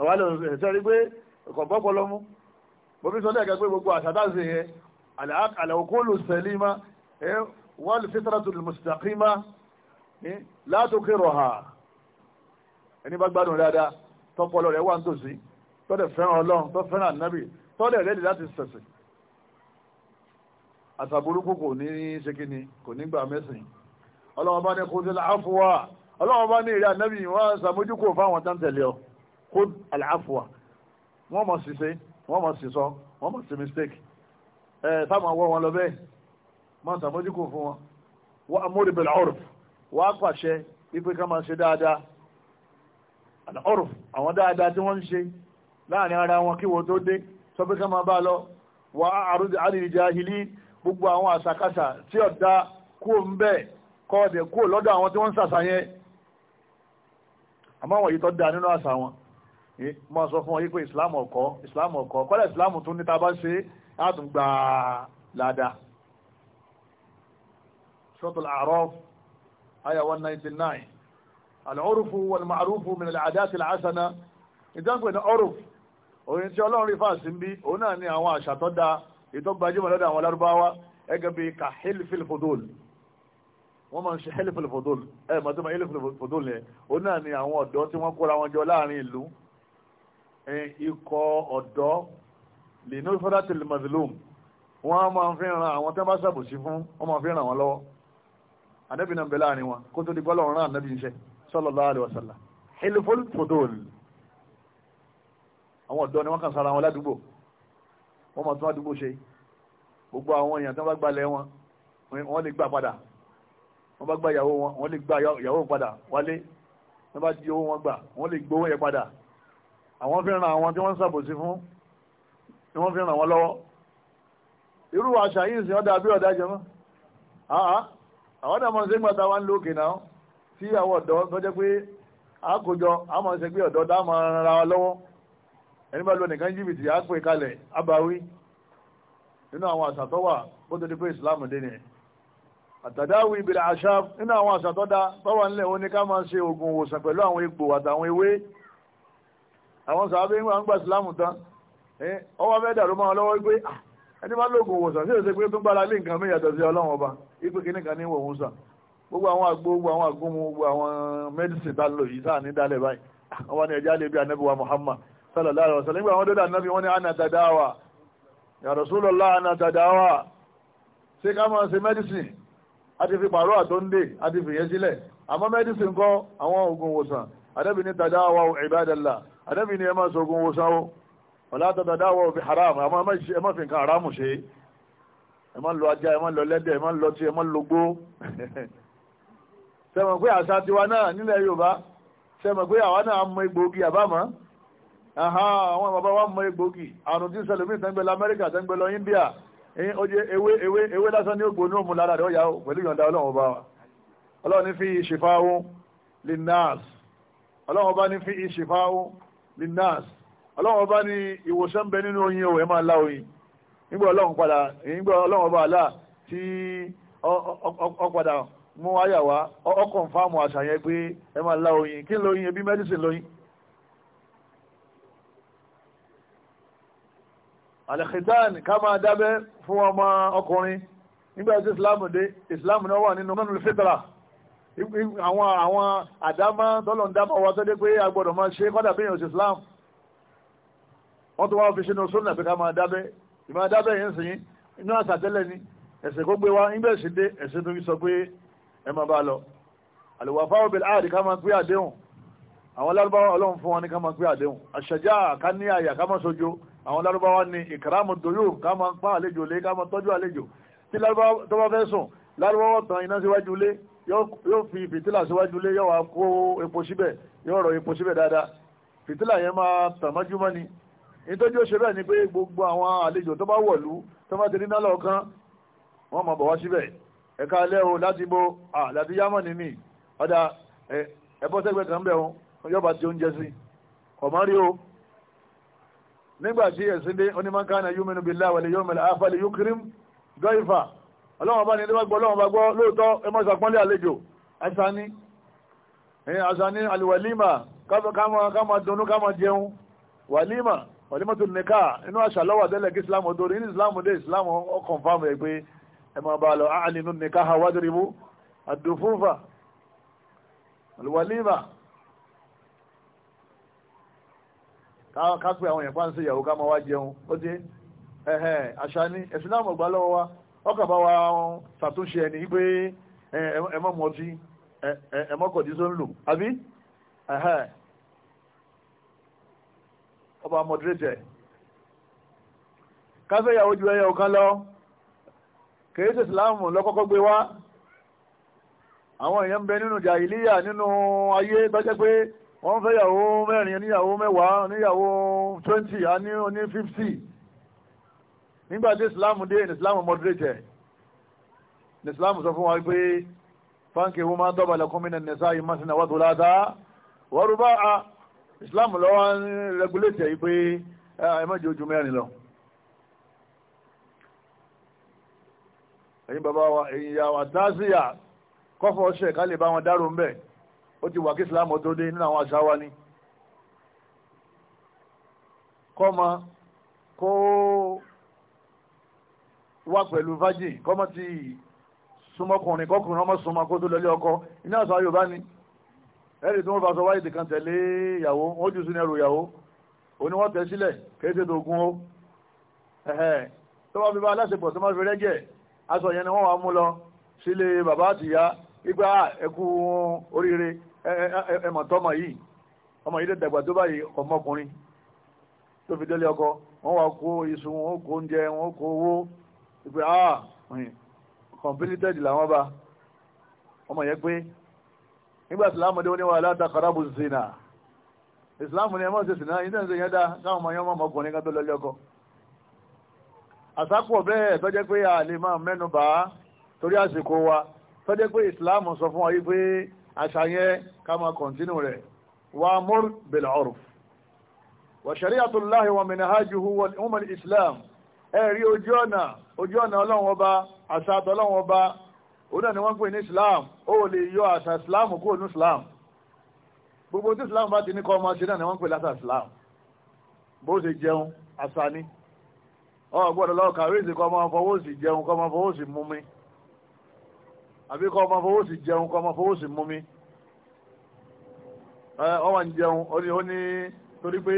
Speaker 1: ọ̀wá lóhun ti sẹ́rí pé ọkọ̀ bọ́pọ̀ lọ́mú bóbi sọ lẹ́ẹ̀kẹ́ pé gbogbo àṣàdáṣe yẹn àlàkólù sẹ́límà wal fitratul mustaqima Hmm? látòkè rọ̀hà ẹni bá gbádùn dáadáa tọpọlọ rẹ̀ wà nítòsí tọ́dẹ̀ fẹ́ràn ọlọ́run tọ́ fẹ́ràn ànábì tọ́dẹ̀ rẹ́dì láti sẹ̀sìn àtàbúrúkú kò ní ṣe kí ni kò ní gbà mẹ́sìn ọlọ́run bá ní kó tẹ́lẹ̀ àfọwà ọlọ́run bá ní ìrẹ́ ànábì wọ́n sàmójúkò fáwọn tán tẹ̀lé ọ kó àlàáfọwà wọ́n mọ̀ sí ṣe wọ́n mọ̀ sí sọ wọ́n mọ̀ sí mistake ẹ̀ táwọn ọwọ́ wọn lọ bẹ́ẹ̀ mọ̀ sàmójúkò fún wọn wọ́n amórí bẹ̀rẹ̀ ọ̀rùn wa á pàṣẹ wípé ká máa ṣe dáadáa àná ọ̀rọ̀ àwọn dáadáa tí ara wọn kiwo to tó dé ma ba lọ wa á hili gbogbo awọn àṣàkáṣà tí ọ̀dà kúò kuo bẹ́ẹ̀ kọ́ kuo kúò lọ́dọ̀ ti tí wọ́n ń ama yẹn àmọ́ da nínú àṣà wọn sọ fún aya 199 al-urfu wal-ma'rufu min al-'adati al-hasana ìdáǹpé ní urf òyìn tí ọlọ́run rí fáàsì ń bí òun náà ni àwọn àṣà tó da ìtọ́gbajúmọ̀ lọ́dọ̀ àwọn lárúbáwá ẹgẹ́ bíi ka hilfil fudul wọ́n máa ń ṣe hilfil fudul ẹ mọ̀ tó máa hilfil fudul yẹn òun náà ni àwọn ọ̀dọ́ tí wọ́n kóra wọn jọ láàrin ìlú ikọ̀ ọ̀dọ́ lè ní fọ́dá tẹlifásílùm wọ́n máa ń fi ràn àwọn tẹ́ bá ṣàbòsí fún wọ́n máa fi ràn wọ́n lọ́wọ́ ànábì náà bẹ̀lá àrin wọn kó tó di bọ́lọ̀ ọ̀rán ànábì iṣẹ́ sallallahu alaihi wasallam hilful fudul àwọn ọ̀dọ́ ni wọ́n kàn sára wọn ládùúgbò wọ́n máa tún àdúgbò ṣe gbogbo àwọn èèyàn tó bá gbalẹ̀ wọn wọ́n lè gbà padà wọ́n bá gba ìyàwó wọn wọ́n lè gba ìyàwó padà wálé wọ́n bá di owó wọn gbà wọ́n lè gbowó yẹn padà àwọn fi ràn àwọn tí wọ́n ń ṣàbòsí fún ni wọ́n fi ràn wọ́n lọ́wọ́ irú àṣà yìí ń sìn ọ́ dàbí ọ̀dà jẹ́ mọ́ àwọn náà mọ̀ ṣe ń gbàtà wá ń lókè náà tí àwọn ọ̀dọ́ tó jẹ́ pé àkójọ àmọ̀ ṣe pé ọ̀dọ́ dáàmọ̀ ara wa lọ́wọ́ ẹni bá lọ nìkan jìbìtì á pè kalẹ̀ abawí nínú àwọn àṣà tó wà bó tó di pé ìsìláàmù dé ni àtàdáwì ìbìlẹ̀ àṣà nínú àwọn àṣà tó dá tọ́wà ńlẹ̀ òun ni ká máa ṣe oògùn òwòsàn pẹ̀lú àwọn egbò àtàwọn ewé àwọn sàábé ń gbà ìsìláàmù tán ọwọ́ fẹ́ dàrú mọ́ ọ pé ẹni máa lóògùn ìwòsàn sí èsè pé tó gbára lé nǹkan méjì àtọ̀sí ọlọ́run ọba ipe kìíní kan ní ìwò òun sàn gbogbo àwọn àgbo gbogbo àwọn àgúnmu gbogbo àwọn mẹ́dísìn tá lò yìí sáà ní dálẹ̀ báyìí àwọn ni ẹja lè bí anabi wa Muhammad sallallahu alaihi wasallam nígbà wọn dọ́dọ̀ anabi wọn ni ana tadawa ya Rasulullah ana dadawa, ṣé ká máa ṣe mẹ́dísìn a ti fi pàrọ̀ àtọ́ndé a ti fìyẹn sílẹ̀ àmọ́ mẹ́dísìn kọ́ àwọn òògùn ìwòsàn adabi ni tadawa ibadallah adabi máa ṣe òògùn ìwòsàn o wala tadawo bi haram àmọ́ ẹ má fi nǹkan haram ṣe ẹ má lọ ajá ẹ má lọ lẹ́dẹ̀ ẹ má lọ tí ẹ má lọ gbó sẹ́mọ̀ pé àṣà tiwa náà nílẹ̀ Yorùbá sẹ́mọ̀ pé àwa náà mọ egbòogi àbámọ́ àwọn bàbá wa mọ egbòogi àrùn tí ń ṣẹlẹ̀ mí sẹ́ńgbẹ́ lọ Amẹ́ríkà sẹ́ńgbẹ́ lọ India oye ewé ewé ewé lásán ní ògbó ní òmù lára rẹ̀ ọ̀yà pẹ̀lú ìyọ̀ǹda Ọlọ́run ọba Ọlọ́run ọlọ́run ọba ní ìwòsàn bẹ nínú oyin o ẹ máa lá oyin nígbà ọlọ́run padà nígbà ọlọ́run ọba àlá tí ọ padà mú àyàwá ọ kọ̀nfàmù àṣàyàn pé ẹ máa lá oyin kí lóyin ebi mẹ́dísìn lóyin. alẹ́kìtàn ká máa dábẹ́ fún ọmọ ọkùnrin nígbà tí islam dé islam náà wà nínú mọ́nù fitra àwọn àwọn àdámá tọ́lọ̀ ń dábọ̀ wa tó dé pé a gbọ́dọ̀ máa ṣe kọ́dà bí èèyàn sí islam wọ́n tó wá fi ṣe ní oṣù nàbí ká máa dábẹ́ ìmáa dábẹ́ yẹn sìn inú àṣà ni ẹ̀sẹ̀ kó gbé wa níbẹ̀ sì dé ẹ̀sẹ̀ tó fi sọ pé ẹ máa bá lọ àlùwà fáwọn bẹ̀rẹ̀ àdì ká máa pé àdéhùn àwọn lárúbáwá ọlọ́run fún wọn ní ká máa pé àdéhùn àṣàjá ká ní àyà ká máa sojo àwọn lárúbáwá ní ìkàràmù dòyò ká máa pa àlejò lé ká máa tọ́jú àlejò tí lárúbáwá tó bá fẹ́ sùn lárúbáwá tan iná síwájú lé nítorí ó ṣe bẹ́ẹ̀ ni pé gbogbo àwọn àlejò tó bá wọ̀lú tó bá ti rí náà lọ́ọ̀kan wọ́n máa bọ̀ wá síbẹ̀ ẹ̀ka alẹ́ o láti bo à láti yámọ̀ ní mi ọ̀dà ẹ̀bọ́ sẹ́gbẹ̀ kan bẹ̀ wọn yọba ti oúnjẹ sí kọ̀mọ́rí o nígbà tí ẹ̀sìn dé onímọ̀kánà yuminu billahi wal yawmil akhir yukrim dọ́ìfà ọlọ́wọ́n bá ní ilé bá ọlọ́wọ́n bá gbọ́ walima ọ̀lẹ́mọ̀tò nìka inú àṣà lọ́wọ́ àtẹ́lẹ̀ kí islam dórí ní islam dé islam ó kọ̀nfàmù ẹ̀ pé bá nìka ha wádìrìbú àdùfúnfà àlùwàlímà ká pé àwọn èèyàn ṣe ìyàwó ká wá jẹun ó dé ẹ̀hẹ̀n àṣà ni ẹ̀sìn náà lọ́wọ́ wa ọkà bá wa ṣàtúnṣe ẹni pé ẹ̀mọ́ mọ̀ọ́tí ẹ̀mọ́kọ̀dí tó ń lò àbí ọba mọ̀dírẹ́tẹ̀ káfẹ́yàwó ju ẹyẹ ọ̀kan lọ kèé sí ìsìláàmù lọ́kọ́kọ́ gbé wá àwọn èèyàn ń bẹ nínú jàìlíyà nínú ayé tọ́jẹ́ pé wọ́n fẹ́yàwó mẹ́rin níyàwó mẹ́wàá níyàwó 20 a ní oní 50 nígbàtí ìsìláàmù dé ní ìsìláàmù mọ̀dírẹ́tẹ̀ ní ìsìláàmù sọ fún wa pé fáńkì wọ́n máa dọ́bàlẹ̀ kọ́mínà nìsáyìí mọ́sánà wà tó láta wọ́rùbá islam lọ́wọ́ ń regulate yìí pé ah, ẹ má jẹ́ ojú mẹ́rin lọ. ẹ̀yin bàbá wa ẹ̀yin ìyá wa tásíyà kọ́fọ́ ṣe ká lè bá wọn dárò ń bẹ̀ ó ti wà kí islam tó dé nínú àwọn àṣà ni. kọ́mọ kó wá pẹ̀lú virgin kọ́mọ ti súnmọ́kùnrin kọ́kùnrin ọmọ súnmọ́ kó tó lọlé ọkọ iná àṣà yorùbá ni ẹ̀rì tí wọ́n bá sọ wáyé nìkan tẹ̀lé ìyàwó wọ́n jù sínú ẹrù ìyàwó òní wọ́n tẹ̀ sílẹ̀ kìí ṣe tògùn o ẹ̀hẹ̀ tó wọ́n fi bá aláṣepọ̀ tó máa fi rẹ́jẹ̀ aṣọ yẹn ni wọ́n wá mú lọ sílé bàbá àtìyá ipa ẹkú oríire ẹmọ̀ tọmọ yìí ọmọ yìí dẹ̀dẹ̀gbà tó báyìí ọmọkùnrin tó fi délé ọkọ wọ́n wá kó iṣu wọn kó oúnjẹ wọn kó owó ipa ah làwọn bá ọmọ yẹn pé nígbà ìsìláàmù dé ó ní wà la taqrabu zina ìsìláàmù ni ẹ mọ́ sí zina yìí náà ń sèyàn dá káwọn ọmọ yẹn mọ́ ọmọkùnrin kan tó lọ lẹ́kọ̀ọ́ àsápọ̀ bẹ́ẹ̀ tó jẹ́ pé a lè máa mẹ́nu bá torí àsìkò wa tó jẹ́ pé ìsìláàmù sọ fún wa yìí pé àṣà yẹn ká máa kọ̀ntínú rẹ̀ wa'mur bil 'urf wa shari'atullahi wa minhajuhu wa al-islam ẹ̀rí ojú ọ̀nà ojú ọ̀nà ọlọ́run ọba àṣà àtọ́lọ́run ọba òun náà ni wọ́n ń pè ní islam ó lè yọ àṣà islam kúrò ní islam gbogbo tí islam bá ti ní kọ́ ọmọ ṣe náà ni wọ́n ń pè láṣà islam bó ṣe jẹun àṣà ni ọ gbọ́dọ̀ lọ kàwé sí kọ́ ọmọ fọwọ́ sí jẹun kọ́ ọmọ fọwọ́ sí mumi àbí kọ́ ọmọ fọwọ́ sí jẹun kọ́ ọmọ fọwọ́ sí mumi ọ wà ń jẹun ó ní torí pé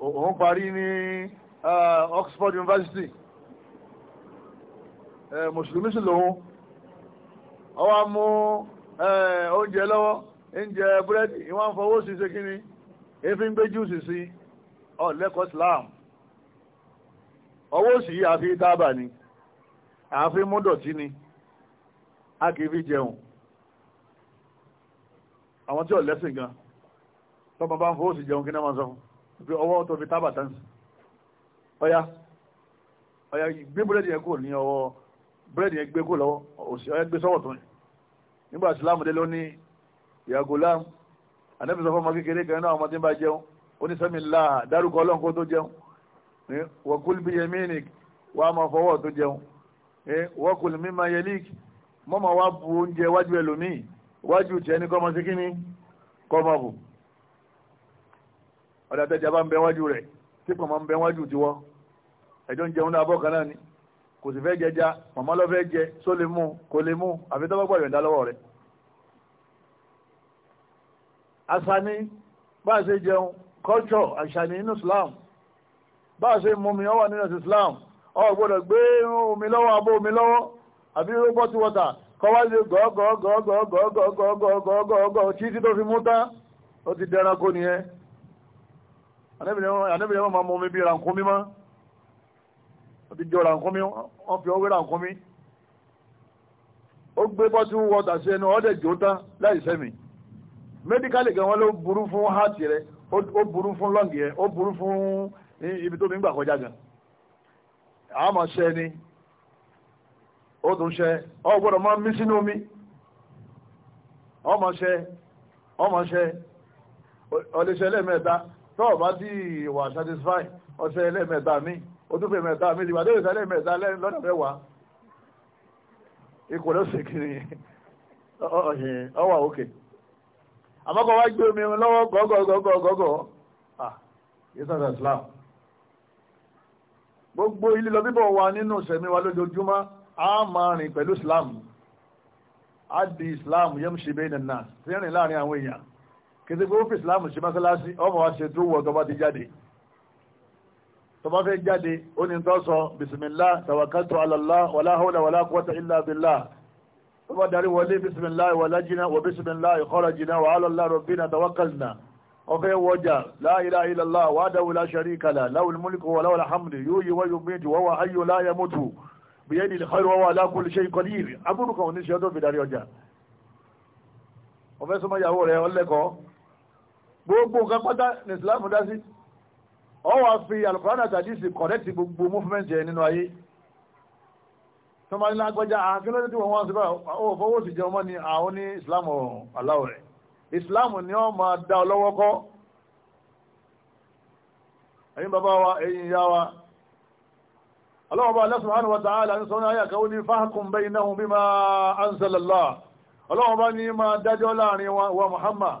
Speaker 1: òun parí ní Oxford University mùsùlùmí sì lòun. ọwọ́ mú eh, oúnjẹ lọ́wọ́ oúnjẹ búrẹ́dì ìwọ́n ń fọwọ́ sí ṣe kí ni ń gbé júùsì sí ọ̀lẹ́kọ̀ọ́ Islam ọwọ́ sí àfi tábà ni àfi múdọ̀tí ni a kì fi jẹun àwọn tí ò gan tọ́mọ bá ń fọwọ́ sí jẹun kí náà sọ fún ọwọ́ tó fi tábà tán ọya ọya gbé búrẹ́dì yẹn kò ní ọwọ́ búrẹ́dì yẹn gbé kò ọya gbé sọ́wọ́ tó nígbà tí láàmùdé ló ní ìyàgò láàmù ànábì sọ fún ọmọ kékeré kan náà ọmọ tí ń bá jẹun ó ní sẹ́mi ńlá dárúkọ ọlọ́run kó tó jẹun wọ́kùl bí yẹmínì wà á máa fọwọ́ tó jẹun wọ́kùl mímá yẹlík mọ́mọ́ wá bu oúnjẹ wájú ẹlòmíì wájú tiẹ̀ ní kọ́mọ sí kíní kọ́mọ bù ọ̀dà tẹ̀jà bá ń bẹ wájú rẹ̀ tí pọ̀ máa ń bẹ wájú tiwọ́ ẹ̀jọ́ ń jẹun náà abọ́ kan náà ni kò sì fẹ́ jẹja màmá lọ fẹ́ jẹ só lè mú kò lè mú àfi tó bá gbọ́ lọ́wọ́ rẹ̀. àṣà ni bá a ṣe jẹun àṣà ni inú Islam bá a ṣe mú mi ọwọ́ nínú Islam ọ gbọ́dọ̀ gbé omi lọ́wọ́ omi lọ́wọ́ àbí bọ́tù wọ́tà kọ́wájú gọ́gọ́gọ́gọ́gọ́gọ́gọ́gọ́gọ́gọ́ títí tó fi mú tán ó ti nìyẹn máa mú omi bí ra nǹkan mímọ́. àti jọra nǹkan mi wọ́n fi ọwé ra nǹkan mi ó gbé bọ́tí ń wọta sí ẹnu ọ̀dẹ̀ jò tán láì sẹ́mi mẹ́díkálì gan wọn ló burú fún háàtì rẹ ó burú fún lọ́ǹgì rẹ ó burú fún ibi tó mi ń gbà kọjá gan àmọ́ ṣẹ ni ó tún ṣẹ ọ gbọ́dọ̀ máa ń mí sínú omi ọmọ ṣẹ ọmọ ṣẹ ọlẹ́ṣẹ́ lẹ́ẹ̀mẹ́ta tọ́ọ̀ bá ti wà satisfy ọṣẹ lẹ́ẹ̀mẹ́ta míì odúfẹ́ mẹ́ta méjì wà lórí ìsàlẹ̀ mẹ́ta lọ́nà mẹ́wàá ikọ̀ lọ́sẹ̀ kiri ọwà òkè àmọ́kọ̀ wá gbé omi lọ́wọ́ gọ́gọ́gọ́gọ́gọ́ yíṣàṣà Islam gbogbo ilé lọ bíbọ̀ wa nínú ìṣẹ̀mí wa lójoojúmọ́ a máa rìn pẹ̀lú Islam a di Islam yẹ́m ṣe bẹ́ẹ̀ nìyà sí rìn láàrin àwọn èèyàn kìtìgbó fi Islam ṣe mọ́sálásí ọmọ wa ṣe tó wọ tó bá fẹ́ jáde ó ní tó sọ bismillah tawakkaltu ala Allah wala hawla wala quwwata illa billah tó bá darí wọlé bismillah walajina wa bismillah kharajina wa ala Allah rabbina tawakkalna ọfẹ́ wọjà la ilaha illallah wahdahu la sharika lahu lahul mulku wa lahul hamdu yuhyi wa yumitu wa huwa hayyun la yamutu biyadi al-khayru wa huwa ala kulli shay'in qadir abúrú kan ní ṣẹ́dọ̀ fi darí ọjà ọfẹ́ sọmọ ìyàwó rẹ̀ ọlẹ́kọ̀ọ́ gbogbo nǹkan pátá ní ìsìlámù dá sí ọ wá fi alukọ́rọ́nà tàbí sí kọ̀rẹ́tì gbogbo múfúmẹ́ntì ẹ̀ nínú ayé tó máa ní lágbọ́já àkílódé tí wọ́n wá sí báyìí ó fọwọ́ sí jẹun mọ́ ni àwọn ní ìsìláàmù aláwọ̀ rẹ̀ ìsìláàmù ni wọ́n máa dá ọ lọ́wọ́ kọ́ ẹ̀yin bàbá wa ẹ̀yin ìyá wa ọlọ́wọ́ bá Allah subhanahu wa ta'ala ní sọ́nà ayà káwọn ní fahkum baynahum bima anzalallah ọlọ́wọ́ bá ní máa dájọ́ láàrin wa Muhammad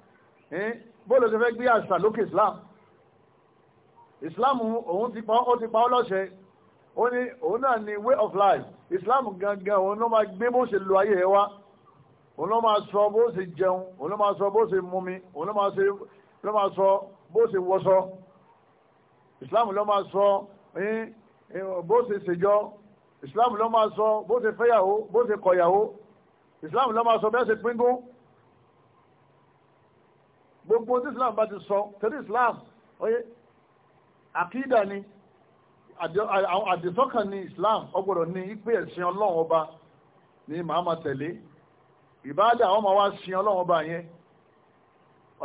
Speaker 1: Eh? bóòlù ṣe fẹ́ gbé àṣà lókè islam islam òun ti pa ó ti pa ọ́ lọ́ṣẹ ó ní òun náà ni way of life islam gangan òun ló máa gbé bó ṣe lo ayé ẹ wá òun ló máa sọ bó ṣe jẹun òun ló máa sọ bó ṣe mumi òun ló máa sọ bó ṣe wọṣọ islam ló máa sọ bó ṣe ṣèjọ islam ló máa sọ bó ṣe fẹ́yàwó bó ṣe kọ̀yàwó islam ló máa sọ bẹ́ẹ̀ ṣe píngún. gbogbo tí islam bá ti sọ torí islam oye àkídà ni àdìsọ́kàn ni islam ọgbọ́dọ̀ ni ìpè ẹ̀sìn ọlọ́run ọba ni màá ma tẹ̀lé ìbáàdà àwọn ọmọ wa sin ọlọ́run ọba yẹn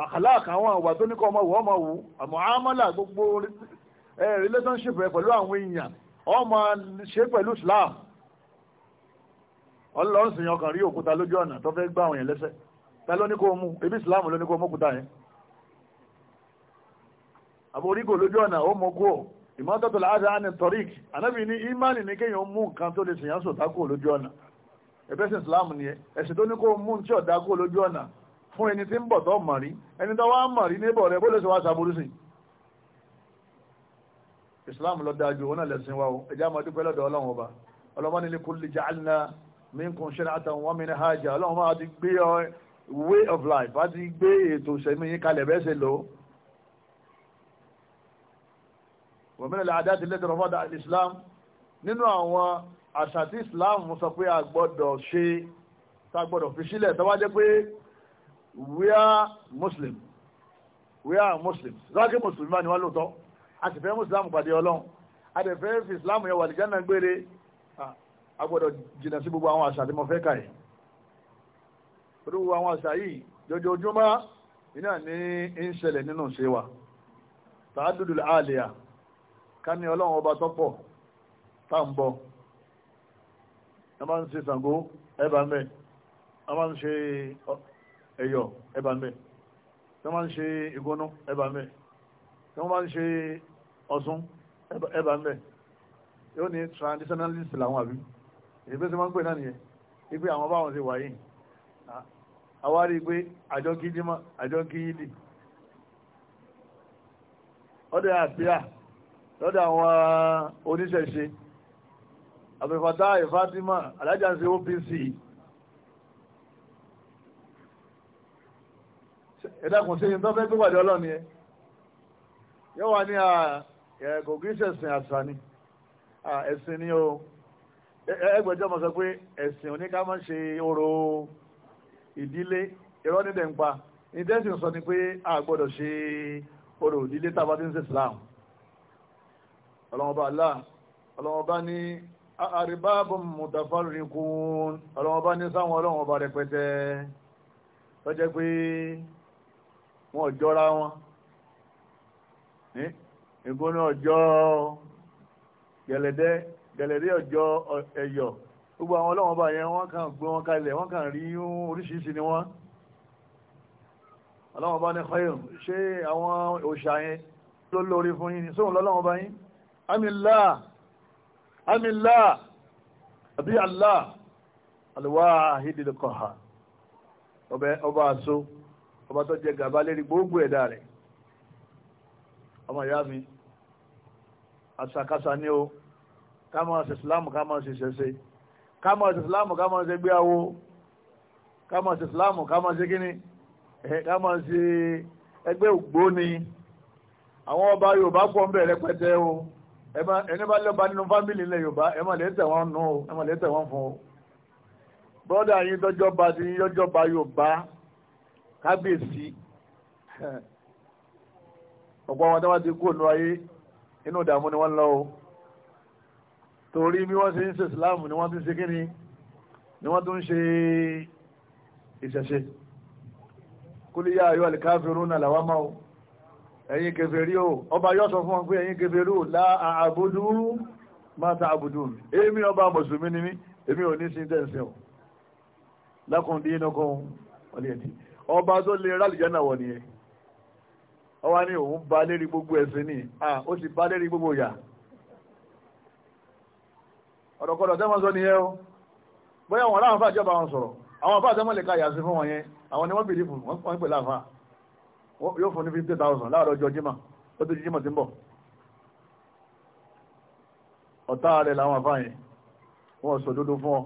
Speaker 1: àkàláàkà àwọn àwà tó ní kọ́ ọmọ wù ọmọ wù àmọ́ àmọ́là gbogbo relationship rẹ pẹ̀lú àwọn èèyàn ọmọ ṣe pẹ̀lú islam ọlọ́run sì ọkàn rí òkúta lójú ọ̀nà tó fẹ́ ta mú ebi ìsìláàmù ló ní kó mú kúta yẹn àbò orí kò lójú ọ̀nà ó mú kó ìmọ́tọ́tọ̀ láàdá ní tọ́rík anábì ní ìmánì ní kéèyàn mú nǹkan tó lè sèyàn lójú ọ̀nà ìsìláàmù ni ẹ ẹ̀sìn tó ní kó mú tí ọ̀dá kó lójú ọ̀nà fún ẹni tí ń bọ̀ tó mọ̀ ẹni tó wá mọ̀ rí níbọ̀ rẹ bó lè sọ wá sàbúrú sí ìsìláàmù way of life a ti gbé ètò ìṣẹ̀mí yín kalẹ̀ bẹ́ẹ̀ ṣe lò ó wọ̀mí ilẹ̀ adá ti lẹ́tọ̀ọ́ fọ́dà Islam nínú àwọn àṣà tí Islam sọ pé a gbọ́dọ̀ ṣe tá a gbọ́dọ̀ fi sílẹ̀ tó wá jẹ́ pé we are Muslim we are Muslim lọ́kì Muslim bá ní wọ́n lóòótọ́ a sì fẹ́ Muslim pàdé Ọlọ́run a dẹ̀ fẹ́ fi Islam yẹn wà lìjánà gbére a gbọ́dọ̀ jìnnà sí gbogbo àwọn àṣà tí mo fẹ́ kà yìí pẹ̀lú àwọn àṣà yìí jọjọjúmọ́ iná ní ń ṣẹlẹ̀ nínú ṣe wa tààdùdù àlìyà ká ní ọlọ́run ọba tọ́pọ̀ tá ń bọ a máa ń ṣe Ṣàngó ẹ̀bà mẹ́ a máa ń ṣe Ẹ̀yọ̀ ẹ̀bà mẹ́ a máa ń ṣe Ìgbónú ẹ̀bà mẹ́ a máa ń ṣe Ọ̀ṣun ẹ̀bà yóò ní traditionalist làwọn àbí ìgbésẹ̀ máa ń pè náà nìyẹn ìgbé àwọn báwọn ṣe wà yìí àwárí pé àjọ kí jímọ̀ ọdẹ àpíà lọ́dọ̀ àwọn oníṣẹ̀ṣe àbẹ̀fàtà ìfátímà alájànsí OPC ẹ̀dàkùn sí tó fẹ́ pípàdé ọlọ́ni ẹ yóò wà ní kò kí ẹ̀sìn ni o ẹgbẹ̀jọ́ mọ̀ sọ pé ẹ̀sìn oníkà ṣe oró o ìdílé irọ́ nílẹ̀ ń pa sọ ni pé a gbọ́dọ̀ ṣe orò ìdílé tá a bá ti ń ṣe Islam ọlọ́mọba Allah ọlọ́mọba ní àríbáàbọ̀ mutafarriqun ọlọ́mọba ní sáwọn ọlọ́mọba rẹpẹtẹ tó jẹ́ pé wọ́n jọra wọn ìgbóná ọjọ́ gẹ̀lẹ́dẹ́ gẹ̀lẹ́dẹ́ ọjọ́ ẹ̀yọ̀ gbogbo àwọn ọlọ́wọ́n bá yẹn wọ́n kàn gbé wọn kalẹ̀ wọ́n kàn rí oríṣiríṣi ni wọ́n ọlọ́wọ́n bá ní kọ́yọ̀ ṣé àwọn òòṣà yẹn ló lórí fún yín ni sóhun lọ́lọ́wọ́n bá yín amìlá amìlá àbí àlá àlùwá àhídìlẹ́kọ̀ọ́hà ọba àṣọ ọba tó jẹ gàba lérí gbogbo ẹ̀dá rẹ̀ ọmọ ìyá mi àṣàkáṣà ni ó ká máa ṣe ìsìlámù ká máa ṣe ìṣẹ̀ṣe Kama sí islam kámọ̀ sí gbéyàwó kama sí islam kámọ̀ sí kíní kámọ̀ sí ẹgbẹ́ ògbóni àwọn ọba yorùbá pọ̀ ń bẹ̀rẹ̀ pẹ̀tẹ́ o ẹni bá lọ́ba nínú fámìlì ilẹ̀ yorùbá ẹ má lè tẹ̀ wọ́n nù o ẹ má lè tẹ̀ wọ́n o bọ́dà yín tọ́jọ́ ba ti yín tọ́jọ́ ba yorùbá kábíyèsí ọ̀pọ̀ àwọn tó wá ti kú ònú ayé inú ìdààmú ni wọ́n lọ o torí bí wọ́n ṣe ń ṣe islam ni wọ́n ti ń ṣe kíni ni wọ́n tún ń ṣe ìṣẹ̀ṣe kúlíyà ayọ́ alìkáfẹ́rúnà làwọn máa ẹ̀yin kèfèrí o ọba yọ́ sọ fún wọn pé ẹ̀yin kèfèrí o láà àbúdú máta àbúdú èmi ọba mùsùlùmí ni mí èmi ò ní sí tẹ́ǹsẹ̀ o lákùn dín iná kan ọlẹ́ ẹ̀dí ọba tó lè rálìjẹ́ náà wọ̀ ọwá ní òun bá lérí gbogbo ẹ̀sìn ni ó sì bá lérí gbogbo yà ọ̀rọ̀kọ̀rọ̀ tẹ́mọ̀ sọ nìyẹn o bóyá wọn láwọn fàájọba wọn sọ̀rọ̀ àwọn fàá tẹ́mọ̀ lè ka yàsí fún wọn yẹn àwọn ni wọ́n bìrì fún wọn pè láàfà yóò fún ní fifty thousand láàárọ̀ ọjọ́ jimá ó ti jimá ti ń bọ̀ ọ̀tá rẹ̀ làwọn àfáà yẹn wọ́n sọ dúdú fún ọ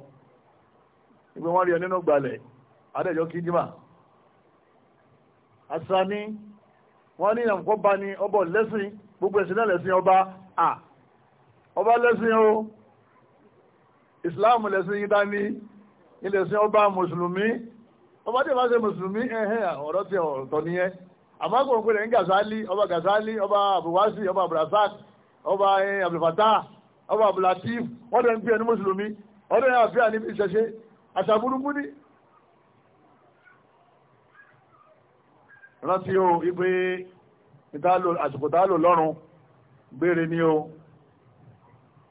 Speaker 1: ìgbé wọ́n rí ẹ nínú gbalẹ̀ adẹ́jọ́ kí jimá àṣà ni wọ́n ní ìyàmùkọ́ bá ní ọbọ̀ lẹ́sìn gbogbo ẹ̀sìn náà lẹ́sìn ọba ọba lẹ́sìn o ìsìláàmù lẹ́sìn yín dání ilẹ̀sìn ọba mùsùlùmí ọba tí ìbá ṣe mùsùlùmí ẹ̀hẹ́ ọ̀rọ̀ tí ọ̀tọ̀ nìyẹn àmọ́kò ń pèrè ń gàzálí ọba gàzálí ọba abuwasi ọba abdulrasaq ọba abdulfatah ọba abdulatif wọ́n lè ń pè ní mùsùlùmí ọdún yà fíà níbi ìṣẹ̀ṣe àṣàbúrúkú ní rántí o ìpè ìtàlò àsìkò tààlò lọ́rùn gbére ni o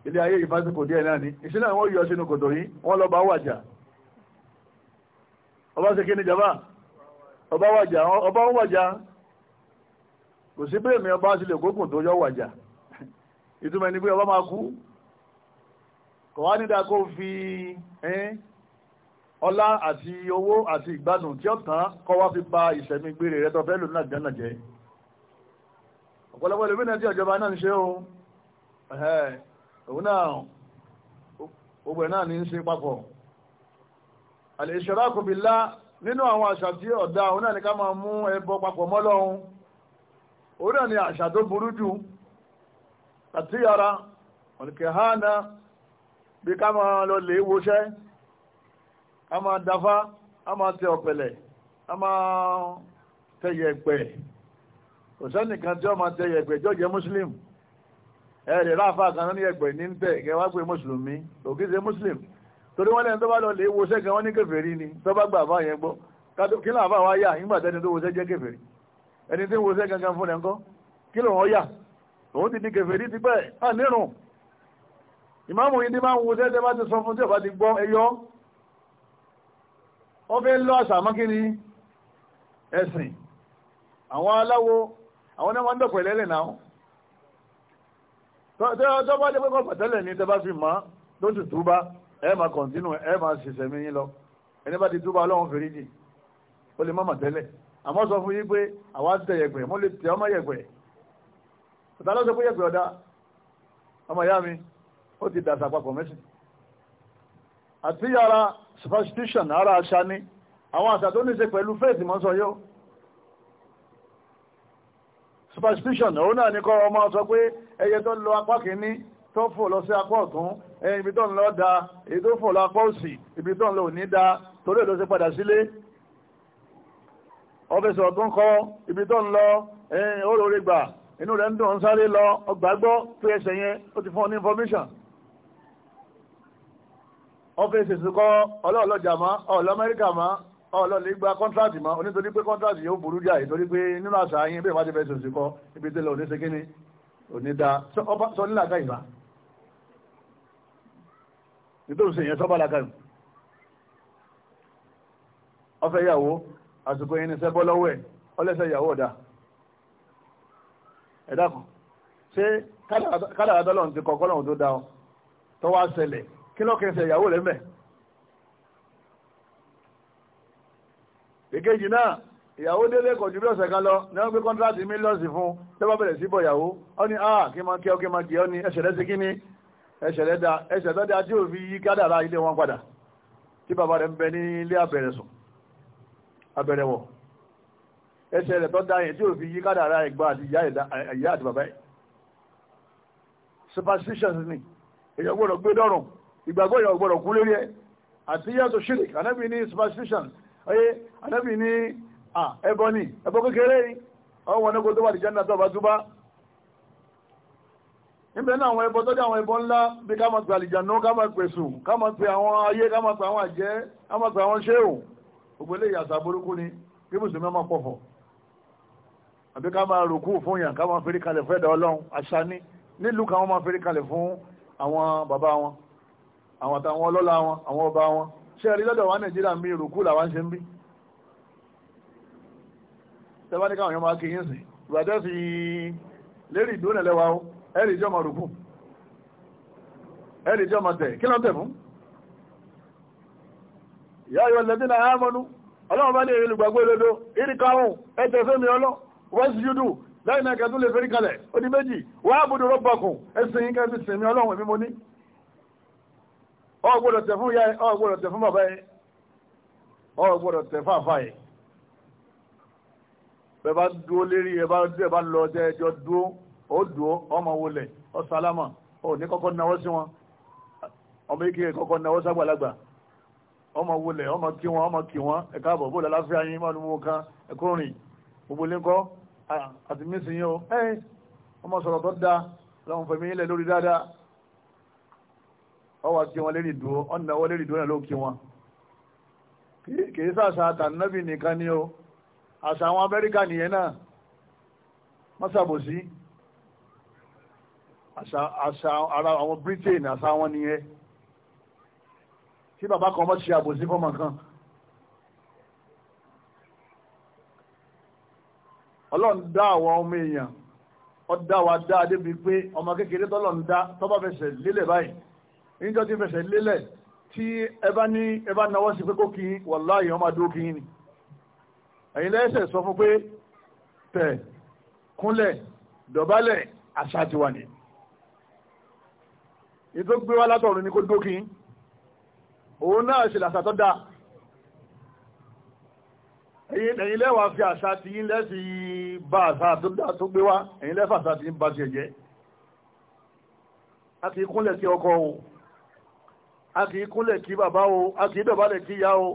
Speaker 1: ilé ayé ìfásitì díẹ̀ náà ni ìṣẹ́lẹ̀ wọ́n yọ sínú kòtò yìí wọ́n lọ bá wàjà ọba ṣe kí ni jàmbá ọba wàjà ọba ń wàjà kò sí pé èmi ọba sílẹ̀ kókùn tó yọ wàjà ìtumọ̀ ni pé ọba máa kú kò wá nídà kó fi ọlá àti owó àti ìgbádùn tí ó kọ́ wá fi ba ìṣẹ̀mí gbére rẹ tó fẹ́ lò náà jẹ́ náà jẹ́ ọ̀pọ̀lọpọ̀ ìlú náà tí ọ̀jọba náà ń òun náà gbogbo náà ní í ṣe papọ̀ al-ishraku nínú àwọn àṣà tí ọ̀dá òun náà ní ká máa mú ẹbọ papọ̀ mọ́lọ́hun òun náà ní àṣà tó burú jù àti yàrá bí ká máa lọ lè wọṣẹ́ ká máa dáfá ká máa tẹ ọ̀pẹ̀lẹ̀ ká máa tẹ kò sẹ́nìkan tí ó máa ẹ̀rẹ̀ ráfà kan ní ẹgbẹ̀ ní tẹ̀ kẹ wá pé mùsùlùmí òkèsè mùsùlùm torí wọ́n lẹ́nu tó bá lọ lè wọṣẹ́ kan wọ́n ní kèfèrí ni tó bá gbà fáyẹn gbọ́ kí láàfà wá yà nígbà tẹ́ni tó wọṣẹ́ jẹ́ kèfèrí ẹni tí ń wọṣẹ́ gangan fún ẹ̀ńkọ́ kí lòun ọ̀yà òun ti di kèfèrí ti pẹ́ à nírun ìmáàmù yìí ní máa ń wọṣẹ́ tẹ́ bá ti sọ fún tí ọba ti gbọ́ ẹyọ ó fẹ́ lọ àṣà mákìnrin ẹ̀sìn àwọn aláwo àwọn náà wọ́n ń dọ̀pẹ̀lẹ́lẹ̀ náà tó bá dé pé kọ́ pẹ̀tẹ́lẹ̀ ní tẹ́bá fi mọ́ tó ti túbá ẹ máa kọ̀ntínú ẹ máa ṣiṣẹ́ mi yín lọ ẹni bá ti túbá ọlọ́run fèrè jì ó lè má mà tẹ́lẹ̀ àmọ́ sọ fún yín pé àwa tẹ yẹ̀pẹ̀ mo lè tẹ ọmọ yẹ̀pẹ̀ ọ̀tá lọ́sọ pé yẹ̀pẹ̀ ọ̀dá ọmọ ìyá mi ó ti dàsà papọ̀ mẹ́sìn àti yàrá superstition ara àṣà ni àwọn àṣà tó ní ṣe pẹ̀lú faith mọ́ sọ yóò superstition òun náà ní kọ́ ọmọ sọ pé ẹyẹ tó lọ apá kìíní tó fò lọ sí apá ọ̀tún ibi tó ń lọ da èyí tó fò lọ apá òsì ibi tó ń lọ òní da torí èdè ó ṣe padà sílé ọfẹsẹ̀ ọ̀tún kọ ibi tó ń lọ olórí gbà inú rẹ̀ ń dùn sáré lọ ọgbàgbọ́ pé ẹsẹ̀ yẹn ó ti fún ọ ní information ọfẹsẹ̀ sì kọ ọlọ́ọ̀lọ́jà má ọ̀lọ́ amẹ́ríkà má ọlọ́ọ̀lẹ́ gba kọ́ńtráàtì má onítorí pé kọ́ńtráàtì yóò burú jáì torí pé nínú àṣà yín bẹ́ẹ̀ má ti fẹsẹ̀ sì kọ ibi tó lọ òní ṣe kíni onídá sọ nílà ká ìbá nítorí sèyàn sọ́bà lákàrí ọfẹ́ ìyàwó àsìkò yìí ní sẹ́bọ́ lọ́wọ́ ẹ̀ ọlẹ́sẹ̀ ìyàwó ọ̀dá ẹ̀dá kan ṣé kádàrá tọ́lọ́run ti kọ̀ọ̀kọ́ lọ́run tó dá ọ tó wá ṣẹlẹ̀ kí lọ́kẹsẹ̀ ìyàwó rẹ̀ mẹ́ èkejì náà ìyàwó délé kò ju bí ọ̀sẹ̀ kan lọ ní wọ́n gbé kọ́ńtíráàtì mílíọ̀sì fún tó bá bẹ̀rẹ̀ sí bọ̀ ìyàwó ó ní ah kí máa kí ọ kí máa kí ọ ní ẹsẹ̀ rẹ̀ sí kí ní ẹsẹ̀ rẹ̀ da ẹsẹ̀ tó da tí ò fi yí kádàrá ilé wọn padà tí bàbá rẹ̀ ń bẹ ní ilé abẹ̀rẹ̀ sùn abẹ̀rẹ̀ wọ̀ ẹsẹ̀ rẹ̀ tó da yẹn tí ò fi yí kádàrá ìgbà àti ìyá àti bàbá yẹn superstitions ni èyàn gbọ́dọ̀ gbé dọ́rùn ìgbàgbọ́ èyàn gbọ́dọ̀ kú lórí ẹ̀ àti yàtọ̀ shirk anábì ní superstition ọyẹ anábì ní Ah. ẹbọ ni ẹbọ kékeré ni ọwọ́ wọn kó tó wà dìjọ́ náà tó bá túbá níbẹ̀ náà àwọn ẹbọ tọ́jú àwọn ẹbọ ńlá bí ká máa pè àlìjànú ká máa pè sùn ká máa pè àwọn ayé ká máa pè àwọn àjẹ́ ká máa pè àwọn ṣéhùn gbogbo eléyìí àṣà burúkú ni kí mùsùlùmí máa pọ̀fọ̀ àbí ká máa rùkú fún yàn ká máa fẹ́rí kalẹ̀ fẹ́dà ọlọ́run àṣà ní nílùú kan máa fẹ́rí kalẹ̀ fún àwọn bàbá wọn àwọn àtàwọn ọlọ́lá wọn àwọn ọba wọn ṣé ẹ̀rí lọ́dọ̀ wa nàìjíríà mi rùkú làwọn ṣe ń bí tẹ́bá ní káwọn èèyàn máa kíyìn sí ìbàjẹ́ sí lérí ìdónà lẹ́wà ó ẹ̀rì jọ máa rùkù ẹ̀rì jọ máa tẹ̀ kí lọ́n tẹ̀ fún ìyá ayọ̀ lẹ́dí náà á mọ́nú ọlọ́run bá ní èrè olùgbàgbé lódó ìrì karùn-ún ẹ̀tẹ̀ fẹ́mi ọlọ́ wọ́n sì yúdù lẹ́yìn náà kẹtù lè fẹ́rí kalẹ̀ ó di méjì wọ́n á bùdó rọ́bàkùn ẹ̀sìn yín kẹ́bí sèmi ọlọ́run èmi mo ní o gbọ́dọ̀ tẹ̀ fún ìyá ẹ o gbọ́dọ̀ tẹ̀ fún bàbá ẹ o gbọ́dọ̀ tẹ̀ fún àfà ẹ bẹ́ẹ̀ bá dúó lérí ẹ bá dúó bá lọ ọjọ́ ẹjọ́ dúó ó dúó ọmọ wọlé ọ sálámà ó ní kọ́kọ́ náwó sí wọn ọmọ ike kọ́kọ́ náwó ságbàlagbà ọmọ wọlé ọmọ kí wọn ọmọ kí wọn ẹ káàbọ̀ bó lálàáfíà yín máa numu kan ẹkọ rìn gbogbo lẹ́kọ́ àti mísìn yín o ẹ ọmọ sọ̀rọ̀ tó dáa lọ́wọ́n fẹ̀mí ilẹ̀ lórí dáadáa ọwọ́ kí wọn lérí dúó ọ̀nà wọn lérí dúó náà ló kí wọn kì í sáà sáà nìkan ni o àṣà àwọn amẹ́ríkà nìyẹn náà mọ́sàbòsí àṣà ara àwọn britain àṣà wọn nìyẹn tí bàbá kan mọ́ ṣe àbòsí fọ́mọ kan ọlọ́run àwọn ọmọ èèyàn ọdá wa dá débi pé ọmọ kékeré tọ́lọ́run dá tọ́bá fẹsẹ̀ lélẹ̀ báyìí níjọ́ tí fẹsẹ̀ lélẹ̀ tí ẹ bá ní ẹ bá náwó sí pé kó kí wàláhì ọmọ adó kí ni ẹ̀yin lẹ́sẹ̀ sọ fún pé tẹ̀ kúnlẹ̀ dọ̀bálẹ̀ àṣà ti wà ní. ètò gbé wá látọ̀run ní kó dókì òun náà ṣe làṣà tó dáa ẹ̀yin lẹ́wà fi àṣà ti yín lẹ́sì bá àṣà tó gbé wá ẹ̀yin lẹ́fà àṣà ń bá ti ẹ̀jẹ̀ a kì kúnlẹ̀ sí ọkọ o a kì í kúnlẹ̀ kí bàbá o a kì dọ̀bálẹ̀ kí ìyá o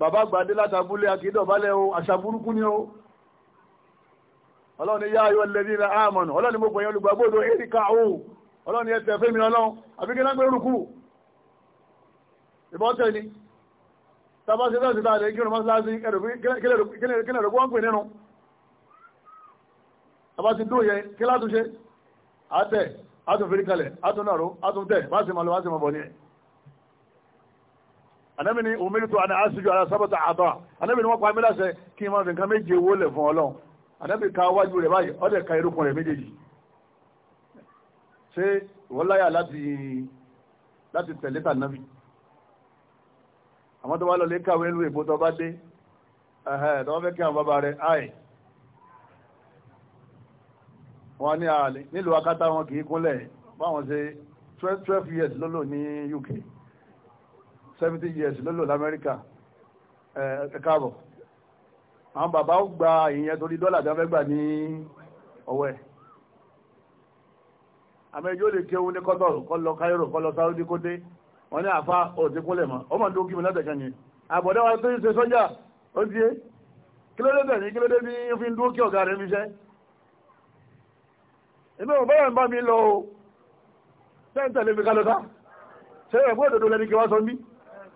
Speaker 1: bàbá àgbàdé látàbúlé akídọ̀bálẹ̀ o àṣàbúrúkú ni o ọlọ́run ni yá ayọ́ lẹ́bí ilẹ̀ àmọ̀nà ọlọ́run ni mo pẹ̀yẹ olùgbàgbọ́dọ̀ erika o ọlọ́run ni ẹ̀tẹ̀ fẹ́mi ọlọ́run àbíkẹ́ lágbẹ́ orúkú ìbọ́tẹ̀ ni tàbá sí fẹ́sì láàrẹ kí ọmọ láti kílẹ̀ rẹ̀ wọ́n pè nínú tàbá ti dúró yẹn kí látúnṣe àtẹ̀ àtúnfẹ́ríkalẹ̀ àtúnàró àtúntẹ̀ bá sì máa lọ bá sì máa bọ̀ ní ẹ̀ ànábì ni òmìnirítò àná àṣíjú ara sábàtà àbá ànábì ni wọ́n pa mílàṣẹ kí n máa fi nǹkan méje owó lẹ̀ fún ọlọ́run ànábì ka wájú rẹ̀ báyìí ọdẹ ka irúkun rẹ̀ méjèèjì ṣé ìwọ́n láyà láti láti tẹ̀lé tànábì àwọn tó wá lọ lé kàwé ìlú èbó tó bá dé ẹ̀hẹ́ tó wọ́n fẹ́ kí àwọn bàbá rẹ̀ áì wọ́n ní àlè nílùú akátá wọn kì í kúnlẹ̀ báwọn ṣe twelve years lólò ní UK Seventeen years ló lò lamẹ́ríkà ẹ káàbọ̀ àwọn bàbá ó gba ìyẹn torí dọ́là tí wọ́n fẹ́ gbà ní ọwọ́ ẹ̀ àmẹ́jọ́ lè kéwú ní kọ́tọ̀rù kọ́ lọ káírò kọ́ lọ sáúdí kó dé wọ́n ní àfa òtí kúnlẹ̀ mọ́ ọmọ tó kí mi látẹ̀kẹ́ yẹn àbọ̀dá wa tó ń ṣe sọ́jà ó ti yé kí ló dé bẹ̀ ní kí ló dé ní fi ń dúró kí ọ̀gá rẹ̀ fi ṣẹ́ inú ọ̀bá yẹn bá mi lọ o sẹ́ńtẹ̀ lè fi ká lọ sá ṣé ẹ̀kú òdòdó lẹ́ni kí wá sọ mí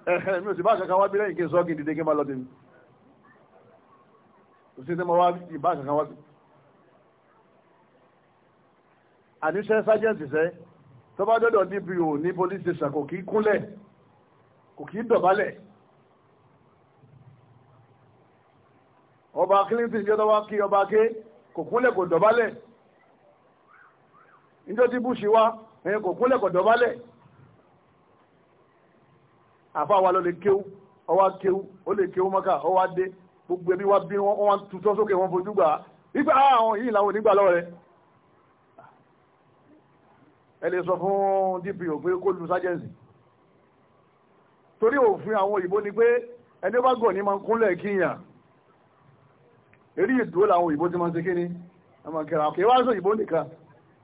Speaker 1: ẹ̀hẹ́ mi ò sì bá kankan wá bí lẹ́yìn kí n sọ kí n dìde kí n bá lọ tèmi kò sí sẹ́mọ̀ wá ìbá kankan wá bí. àníṣẹ́ sájẹ́ǹtì sẹ́ tó bá dọ́dọ̀ DPO ní police station kò kì í kúnlẹ̀ kò kì í dọ̀bálẹ̀. ọba Clinton jẹ́ tọ́wá kí ọba ké kò kúnlẹ̀ kò dọ̀bálẹ̀ níjọ́ tí Bush wá ẹ̀yìn kò kúnlẹ̀ kò dọ̀bálẹ̀ àfa wa ló lè kéwú ọwá kéwú ó lè kéwú mọ́kà ọwá dé gbogbo ẹbí wa bí wọn wọn tutọ́ sókè wọn fojú gbà á nígbà ah, àwọn yìí làwọn onígbà lọ́wọ́ rẹ̀ ẹ lè sọ fún DPO pé kó lu sájẹ́ǹsì torí òfin àwọn òyìnbó ni pé ẹni bá gọ̀ ní máa ń kúnlẹ̀ kíyàn eré ìdúró làwọn òyìnbó ti máa ń ṣe kíni ọmọ kẹrà kí wá sọ òyìnbó nìkan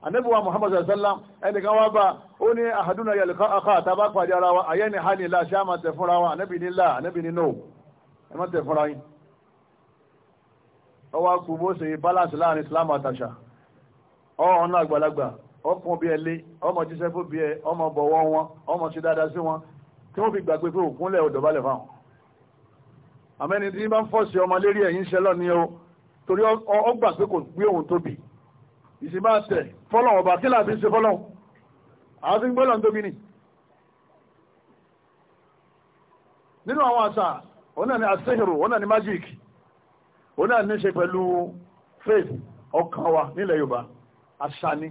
Speaker 1: anabi wa muhammad sallam ẹni kan wá bá ó ní àhàdúnà yẹ lùkọ́ akọ́ àtàbá pàdé ara wa ayé ni hàní ilá ṣáà máa tẹ̀ fúnra wa anabi ní láà anabi ní nóò ẹ má tẹ̀ fúnra yín ọwọ́ akú bó ṣe balance láàrin islam àtàṣà ọ̀hún náà àgbàlagbà ọkùn bí ẹlé ọmọ jíṣẹ́ fún bí ẹ ọmọ bọ̀wọ́ wọn ọmọ ṣe dáadáa sí wọn tí wọ́n fi gbàgbé pé òkúnlẹ̀ odò balẹ̀ fáwọn àmẹ́ni tí bá fọ́ sí ọmọ lérí ẹ̀yìn ṣẹlọ́ ni ó torí ó pé kò gbé òun tóbi ìṣèbá tẹ̀ fọ́lọ̀ ọba kí làbí ń ṣe fọ́lọ̀ àwọn tí ń gbọ́lọ̀ ń tóbi nì nínú àwọn àṣà òun ni àṣehìrò òun ni magic òun ni ní ṣe pẹ̀lú faith ọkàn wa nílẹ̀ Yorùbá àṣà ni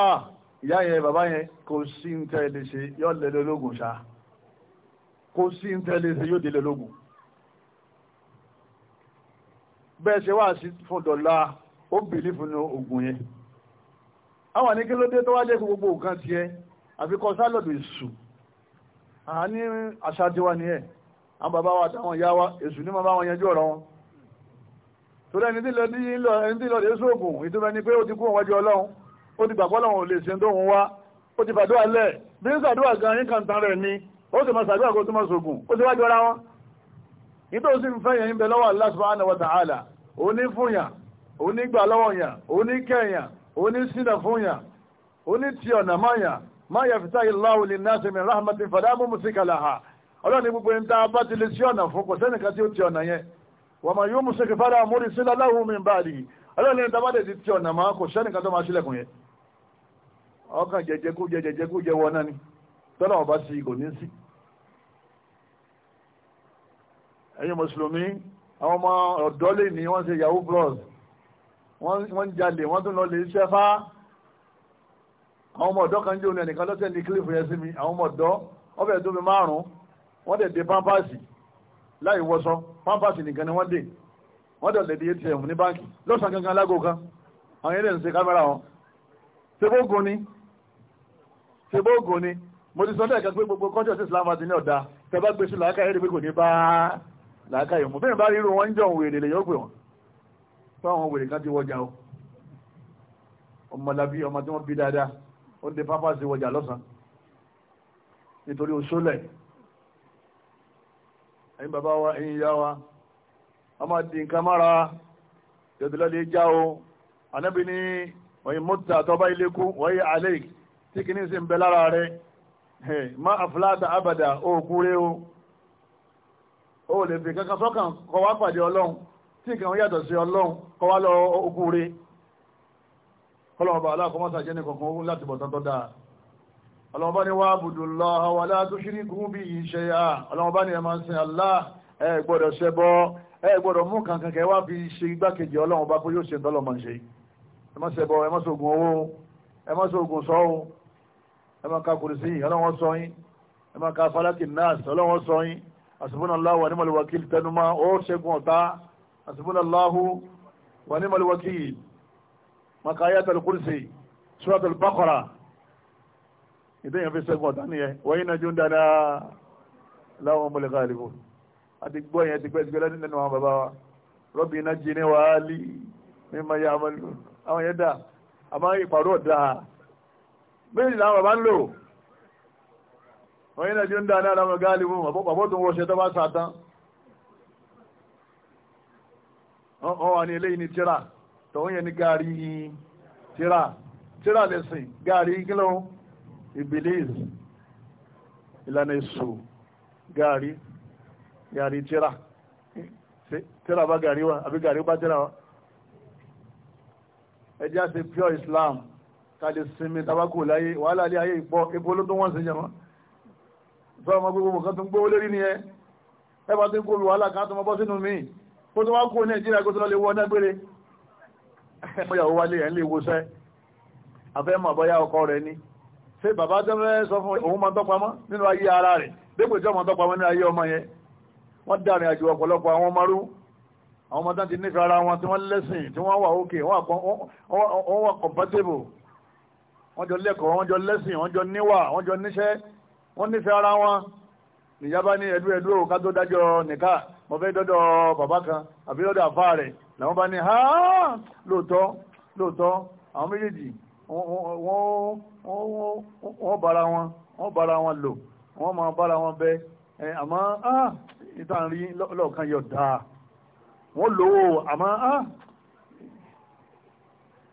Speaker 1: ah ìyá yẹn bàbá yẹn kò sí ń tẹ́ lè ṣe yọ́ lẹ́lẹ́ lógún ṣá kò sí ń tẹ́ lè ṣe yóò délẹ̀ lógún bẹ́ẹ̀ ṣe wá sí fún dọ̀la ó bìlí fún ogun yẹn àwọn ní kí ló dé tó wá jẹ́ gbogbo nǹkan tiẹ̀ àfikọ́ sálọ̀dù èṣù àní àṣà tiwa ni ẹ̀ àwọn bàbá wa àtàwọn ìyá wa èṣù ní bàbá wọn yanjú ọ̀rọ̀ wọn torí ẹni tí lọ ní lọ ẹni tí lọ lè sóògùn ìtumọ̀ ni pé ó ti kú òun ọlọ́run ó ti gbàgbọ́ lọ́wọ́ lè ṣe tó òun wá ó ti fàdúrà lẹ̀ bí ń sàdúrà gan yín kan tan rẹ̀ ni ó sì mọ sàdúrà kó túmọ̀ sóògùn ó ti wájú ara wọn ìtòsí ń fẹ́ yẹn ń bẹ lọ́wọ́ Allah subhanahu wa ta'ala òun ní fún yàn onigba lọ́wọ́ yàn oníkẹ̀yàn onísínà fún yàn onítì ọ̀nà máyàn máa yẹ fìtá ìláwò lè náà sẹ́mi ráhàmàtí fàdámù mùsíkàláhà gbogbo ẹni tá a bá ti lè sí ọ̀nà fún kò tí ó ti ọ̀nà yẹn wọ́n máa yóò mùsíkì fádà múrí sílá láwù mi bá rí ọlọ́ni a ti ti ọ̀nà máa kò sẹ́nìkan tó máa sílẹ̀kùn yẹn ọba sí kò ní sí. mùsùlùmí àwọn yahoo bros wọ́n jalè wọ́n tún lọ lè ṣẹ́ fá àwọn ọmọ ọ̀dọ́ kan jẹ́ òun ẹnìkan lọ́sẹ̀ ní kílífù yẹn sí mi àwọn ọmọ ọ̀dọ́ ọbẹ̀ tó fi márùn-ún wọ́n dẹ̀ dé pampasì láì wọṣọ pampasì nìkan ni wọ́n dé wọ́n dẹ̀ lè di atm ní báńkì lọ́sàn gangan lágò kan àwọn ilé ń ṣe kámẹ́rà wọn ṣebóògùn ni ṣebóògùn ni mo ti sọ lẹ́ẹ̀kan pé gbogbo kọ́jọ́ sí islam àti ní ọ̀dà tẹ bá gbé sí làákàyè rí pé kò ní bá làákàyè mú bí táwọn wèrè kan ti wọjà o ọmọlábí ọmọ tí wọ́n bí dáadáa ó dé pápá sí wọjà lọ́sàn nítorí oṣólẹ̀ ẹ̀yin bàbá wa ẹ̀yin ìyá wa ọmọ di nǹkan mára yọ̀dúlọ́dẹ já o anábì ní ọ̀yìn mọ́tà àtọ́bá ilé kú wọ́yẹ alẹ́ tí kìíní sì ń bẹ lára rẹ má àfúláàtà àbàdà ó kúrẹ́ o ó lè fi kankan sọ́kàn kọ wá pàdé ọlọ́run tí nǹkan wọn yàtọ̀ sí ọlọ́run kọ́ wá lọ ogun re kọ́lọ́wọ́ bá aláàkọ́ mọ́sá jẹ́ nìkankan ogun láti bọ̀tán tó dáa ọlọ́wọ́ bá ní wá abudullaha wala tushriku bihi shay'a ọlọ́wọ́ bá ní ẹ máa ń sin Allah ẹ gbọ́dọ̀ ṣẹbọ ẹ gbọ́dọ̀ mú kankan kẹ wá fi ṣe igbákejì ọlọ́run bá kó yóò ṣe tọ́lọ̀ máa ṣe ẹ má ṣẹbọ ẹ má ṣoògùn owó ẹ má ṣoògùn sọ́wọ́ ẹ má ka kùrìsì hasbunallahu wa ni'mal wakil makayat al-kursi surat al-baqara ìdẹ́yìn fi sẹ́gun ọ̀tá nìyẹn wọ́n yín náà jó ń dáadáa láwọn ọmọlẹ̀ káàlìbò àti gbọ́ yẹn ti pẹ́ ti gbẹ́lẹ́ nínú àwọn bàbá wa rọ́bì iná jí ní wàhálì mímọ ya àwọn yẹn dà àmọ́ ìpàrọ̀ dà méjì làwọn bàbá ń lò wọ́n yín náà jó ń dáadáa láwọn káàlìbò àbọ̀ tó ń wọṣẹ́ tó bá sàtán ọ wà ní eléyìí ní tíra tọ̀hún yẹn ní gaari tíra tíra lẹ́sìn gaari gílọ́ ìbílíìs ìlànà èso gaari gaari tíra tíra bá gaari wa àbí gaari bá tíra wa ẹjẹ́ àti pure Islam káàdì sinmi tabako láyé wàhálà ilé ayé ìpọ́ epo ló tó wọ́n sí jẹun fẹ́ ọmọ gbogbo nǹkan tó gbówó lérí ni ẹ bá ti ń wàhálà kan tó mọ bọ́ sínú míì kó tó wá kó nàìjíríà kó tó lọ lè wọ nágbére mọ́yàwó wálé ẹ̀ ń lè wọṣẹ́ afẹ́ mọ̀ bọ́yá ọkọ rẹ̀ ni ṣé bàbá tó fẹ́ sọ fún òun máa tọ́pamọ́ nínú ayé ara rẹ̀ dépò tí ọmọ tọ́pamọ́ nínú ayé ọmọ yẹn wọ́n dàrin àjò ọ̀pọ̀lọpọ̀ àwọn ọmọ rú àwọn ọmọ tán ti nífẹ̀ẹ́ ara wọn tí wọ́n lẹ́sìn tí wọ́n wà òkè wọ́n wà compatible wọ́n jọ lẹ́kọ̀ọ́ wọ́n jọ lẹ́sìn wọ́n jọ ní ẹ̀dú ẹ̀dú òkà tó dájọ́ nìkan mo fẹ́ dọ́dọ̀ bàbá kan àbí dọ́dọ̀ àfá rẹ̀ làwọn bá ní ha lóòótọ́ lóòótọ́ àwọn méjèèjì wọ́n bára wọn wọ́n bára wọn lò wọ́n máa bára wọn bẹ àmọ́ ìtàn rí lọ́ọ̀kan yọ̀ dáa wọ́n lówó àmọ́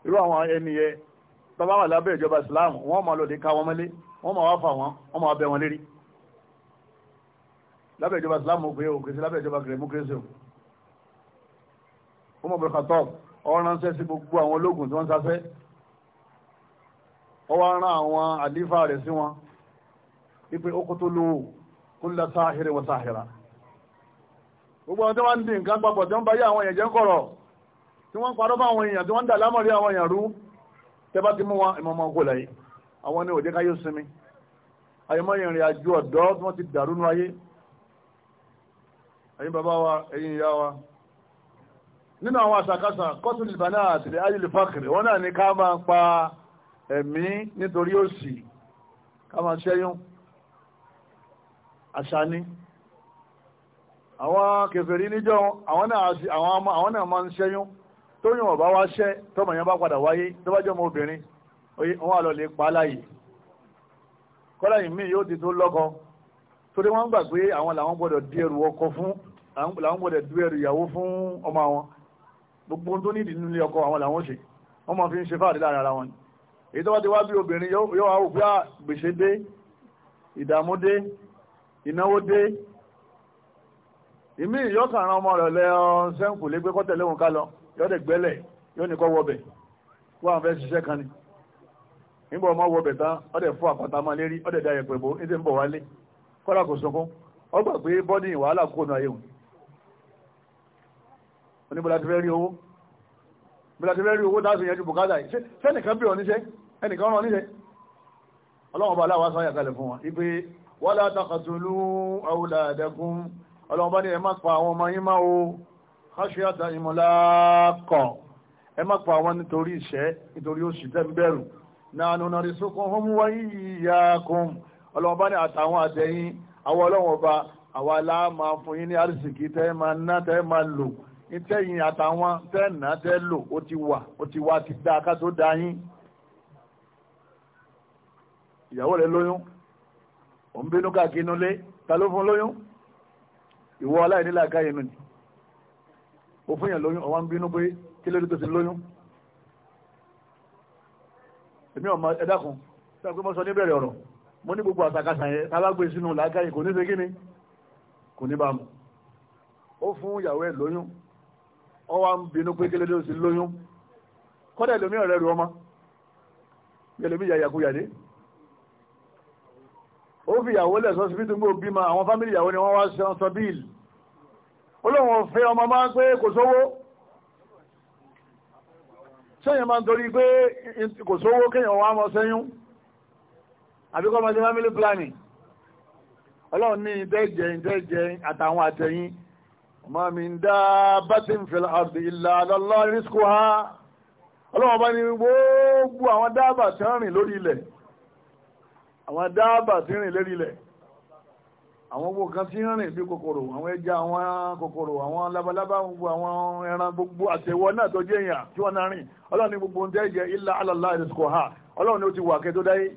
Speaker 1: irú àwọn ẹniyẹ tọ́bá wà lábẹ́ ìjọba Islam wọ́n máa lọ lè ká wọn mọ́lé wọ́n máa wá fà wọn wọ́n máa bẹ wọn lérí lábẹ́ ìjọba islam pé o kìí sí lábẹ́ ìjọba democracy o mọ̀ bẹ̀rẹ̀ kàtọ́ ọ̀rọ̀ ránṣẹ́ sí gbogbo àwọn ológun tí wọ́n sáfẹ́ ọwọ́ rán àwọn àlífà rẹ̀ sí wọn wípé ó kó tó lówó kulla sáhìrì wa sáhìrà gbogbo àwọn tí wọ́n ń di nǹkan papọ̀ tí wọ́n bá yé àwọn èèyàn jẹ́ ń kọ̀rọ̀ tí wọ́n ń parọ́ bá àwọn èèyàn tí wọ́n ń dà lámọ̀rí àwọn èèyàn rú tẹ́ bá ti mú wọn ìmọ̀ ọmọ kò láyé àwọn ni òjẹ́ káyọ̀ sinmi àyẹ̀mọ́ ìrìn àjò ọ̀dọ́ tí wọ́n ti dàrú nú ayé ẹ̀yin bàbá wa ẹ̀yin ìyá wa nínú àwọn àṣàkáṣà kọ́tù ìbànà àtìlẹ̀ ayílẹ̀ fàkìrì wọ́n náà ní ká máa pa ẹ̀mí nítorí òṣì ká máa ṣẹ́yún àṣà ni àwọn kèfèrí níjọ́ àwọn náà máa ń ṣẹ́yún tó yìn ọ̀bá wá ṣẹ́ tọ́mọ yẹn bá padà wáyé tó bá jọmọ obìnrin wọ́n àlọ́ lè pa láyè kọ́láyìn míì yóò ti tó lọ́kọ torí wọ́n gbà pé àwọn làwọn gbọ́dọ̀ di ẹrù ọkọ fún làwọn gbọ́dọ̀ du ẹrù ìyàwó fún ọmọ àwọn gbogbo tó nídìí nílé ọkọ àwọn làwọn ṣe wọ́n máa fi ń ṣe fáàdé lára ara wọn èyí tó bá ti wá bí obìnrin yóò wá òpá ah, gbèsè dé ìdààmú dé ìnáwó dé ìmí yóò kàn rán ọmọ rẹ̀ lẹ ṣẹ́ǹkù lé pé kọ́ tẹ̀lé òun ká lọ yóò dẹ̀ gbẹ́lẹ̀ yóò ní kọ́ wọbẹ̀ kó àwọn fẹ́ ṣiṣẹ́ kan ni nígbà ọmọ wọbẹ̀ tán ó dẹ̀ fún àpáta máa lérí ó dẹ̀ da ẹ̀pẹ̀ bò ní ti ń bọ̀ wálé kọ́lá kò sunkún ó gbà pé bọ́dì wàhálà kò nù ayé òun oníbọ̀lá ti fẹ́ rí owó bọ̀lá ti fẹ́ rí owó dáàbì yẹn ju bùkátà yìí sẹ́nìkan bí ọ̀níṣẹ́ ẹnìkan rán oníṣẹ́ ọlọ́run bá aláwọ̀ sáyà kalẹ̀ fún wa ipe wala taqtulu awladakum ọlọ́run bá ní ẹ má pa àwọn ọmọ yín má o khashyata imlaq ẹ má pa àwọn nítorí ìṣẹ́ nítorí oṣù tẹ́ ń bẹ̀rù nahnu narzuquhum wa iyyakum ọlọ́run bá ní àtàwọn àtẹ̀yìn àwọn ọlọ́run ọba àwa la máa fún yín ní àrísìkí tẹ́ máa ná tẹ́ máa lò ìtẹ́yìn àtàwọn tẹ́ẹ̀nà tẹ́lò ó ti wà ó ti wá ti dá ká tó dá yín ìyàwó rẹ̀ lóyún ò bínú káàkiri inú lé ta ló fún lóyún ìwọ aláìníláàká inú ni ó fún yàn lóyún ọwọ́ ń bínú pé kí ló dé tó ti lóyún èmi ọmọ ẹ̀dákun tí a pé mọ́ sọ níbẹ̀rẹ̀ ọ̀rọ̀ mo ní gbogbo àtàkàṣà yẹn tá a bá gbé sínú làákàyè kò ní ṣe kí ni kò ní bá mu ó fún ìyàwó ẹ̀ lóyún ọ wá ń bínú pé kílódé ó sì lóyún kọ́dà ẹlòmí ọ̀rẹ́ rú ọmọ ẹlòmí yàyàkuyàdé ó fi ìyàwó lẹ̀ sọ́sí bí tó ń gbó bímọ àwọn fámìlì ìyàwó ni wọ́n wá sọ bíìlì olóhùn fẹ́ ọmọ máa ń pé kò sówó sẹ́yìn máa ń torí pé kò sówó kéèyàn wá mọ́ sẹ́yún àbíkọ́ máa ṣe family planning ọlọ́run ní ìtẹ́jẹ ìtẹ́jẹ àtàwọn àtẹ̀yìn ma min dabbatin fil ardi illa ala Allah rizquha ọlọ́wọ́ bá ní gbogbo àwọn dáàbà tí rìn lórí ilẹ̀ àwọn dáàbà tí rìn ilẹ̀ àwọn gbogbo kan tí rìn bí kòkòrò àwọn ẹja àwọn kòkòrò àwọn labalábá gbogbo àwọn ẹran gbogbo àtẹwọ náà tó jẹ́ èèyàn tí náà gbogbo jẹ ní ti wà tó dáyé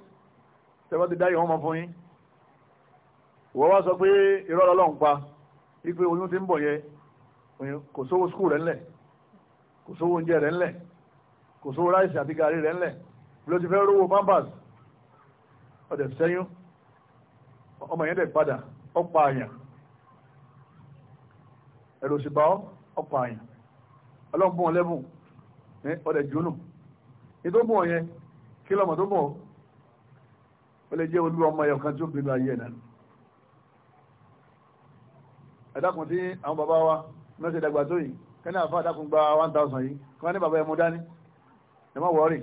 Speaker 1: ti dáyé wọn mọ fún yín wá sọ wípé oyún ti ń bọ̀ yẹ kò sówó skul rẹ̀ ńlẹ̀ kò sówó oúnjẹ rẹ̀ ńlẹ̀ kò sówó ráìsì àti gàrí rẹ̀ ńlẹ̀ ló ti fẹ́ rówó pampers ọ̀dẹ̀ sẹ́yún ọmọ yẹn dẹ̀ padà ọ̀pá àyàn ẹ̀rọ sì bá ọ ọ̀pá àyàn ọlọ́gbọ̀n lẹ́bùn ọ̀dẹ̀ jónù ní tó bùn ọ yẹn kí lọ́mọ tó bùn ọ ó lè jẹ́ olú ọmọ ẹ̀yọ̀ tí ó pinnu ayé ẹ̀ nànú ẹ̀dàkùn tí àwọn bàbá wa mẹ́sẹ̀ dàgbà tó yìí kẹ́ni àfa àdàkùn gba one thousand yìí kí wọ́n ní bàbá ẹmu dání ẹ má wọ́ọ̀rì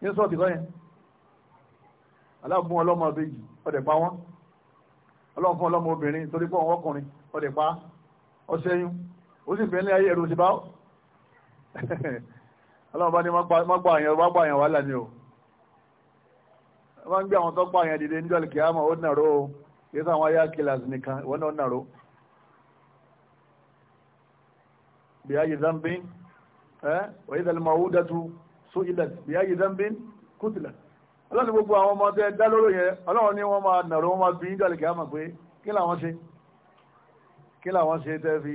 Speaker 1: ní sọ́ọ̀tì kọ́ yẹn aláàbùn ọlọ́mọ ìbejì ọ̀dẹ̀ pa wọ́n ọlọ́run fún ọlọ́mọ obìnrin torí pọ̀ wọ́n ọkùnrin ọ̀dẹ̀ pa ọ̀sẹ̀yún ó sì bẹ̀rẹ̀ ayé ẹ̀rù ti bá ọlọ́run bá ní má gbà yẹn má gbà yẹn wàhálà ni o wọ́n ń gbé àwọn tó gbà yẹn dìde níjọ́ kìámọ̀ ó nàró o kìí sáwọn ayé akílàs nìkan ìwọ́n náà nàró bí ayé zambin wọ́n yí dàlẹ́ màwú dàtú so ilẹ̀ bí ayé zambin kùtìlẹ̀ ọlọ́run gbogbo àwọn ọmọ tẹ dá lóró yẹn ọlọ́run ní wọ́n máa nàró wọ́n máa bí dàlẹ́ kí á mọ̀ pé kí làwọn ṣe kí làwọn ṣe tẹ́ fi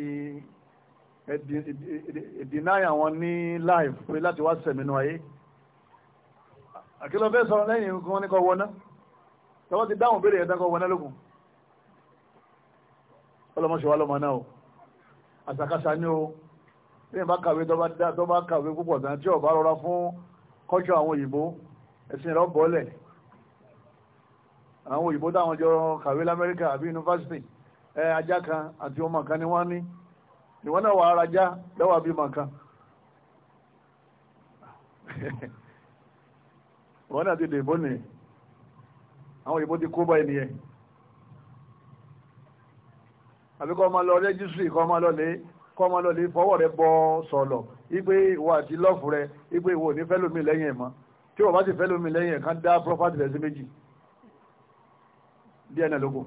Speaker 1: ìdínáyà wọn ní láìpẹ́ pé láti wá sẹ̀mínú ayé àkílọ́ fẹ́ sọ bí ìbá kàwé tó bá kàwé púpọ̀ tán tí ọ̀bá rọra fún kọ́ṣọ́ àwọn òyìnbó ẹ̀sìn rọ bọ́ọ̀lẹ̀ àwọn òyìnbó táwọn jọ kàwé lamẹ́ríkà àbí yunifásitì ẹ ajá kan àti ọmọ kan ni wọ́n ní ìwọ́n náà wà á rajá lẹ́wà bímọ kan wọ́n náà ti dìbò ní àwọn òyìnbó ti kó bá ènìyàn àbíkọ́ ọmọ lọ rẹ́jísírì kọ́ ọmọ lọ lẹ́yìn kọ́mọ lọ lè fọwọ́ rẹ bọ sọ̀lọ̀ ipe ìwọ àti lọ́ọ̀fù rẹ ipe ìwọ ò ní fẹ́ lómi lẹ́yìn ẹ̀ mọ́ tí wọ́n bá sì fẹ́ lómi lẹ́yìn ẹ̀ kan dá property rẹ̀ sí méjì díẹ̀ náà lóko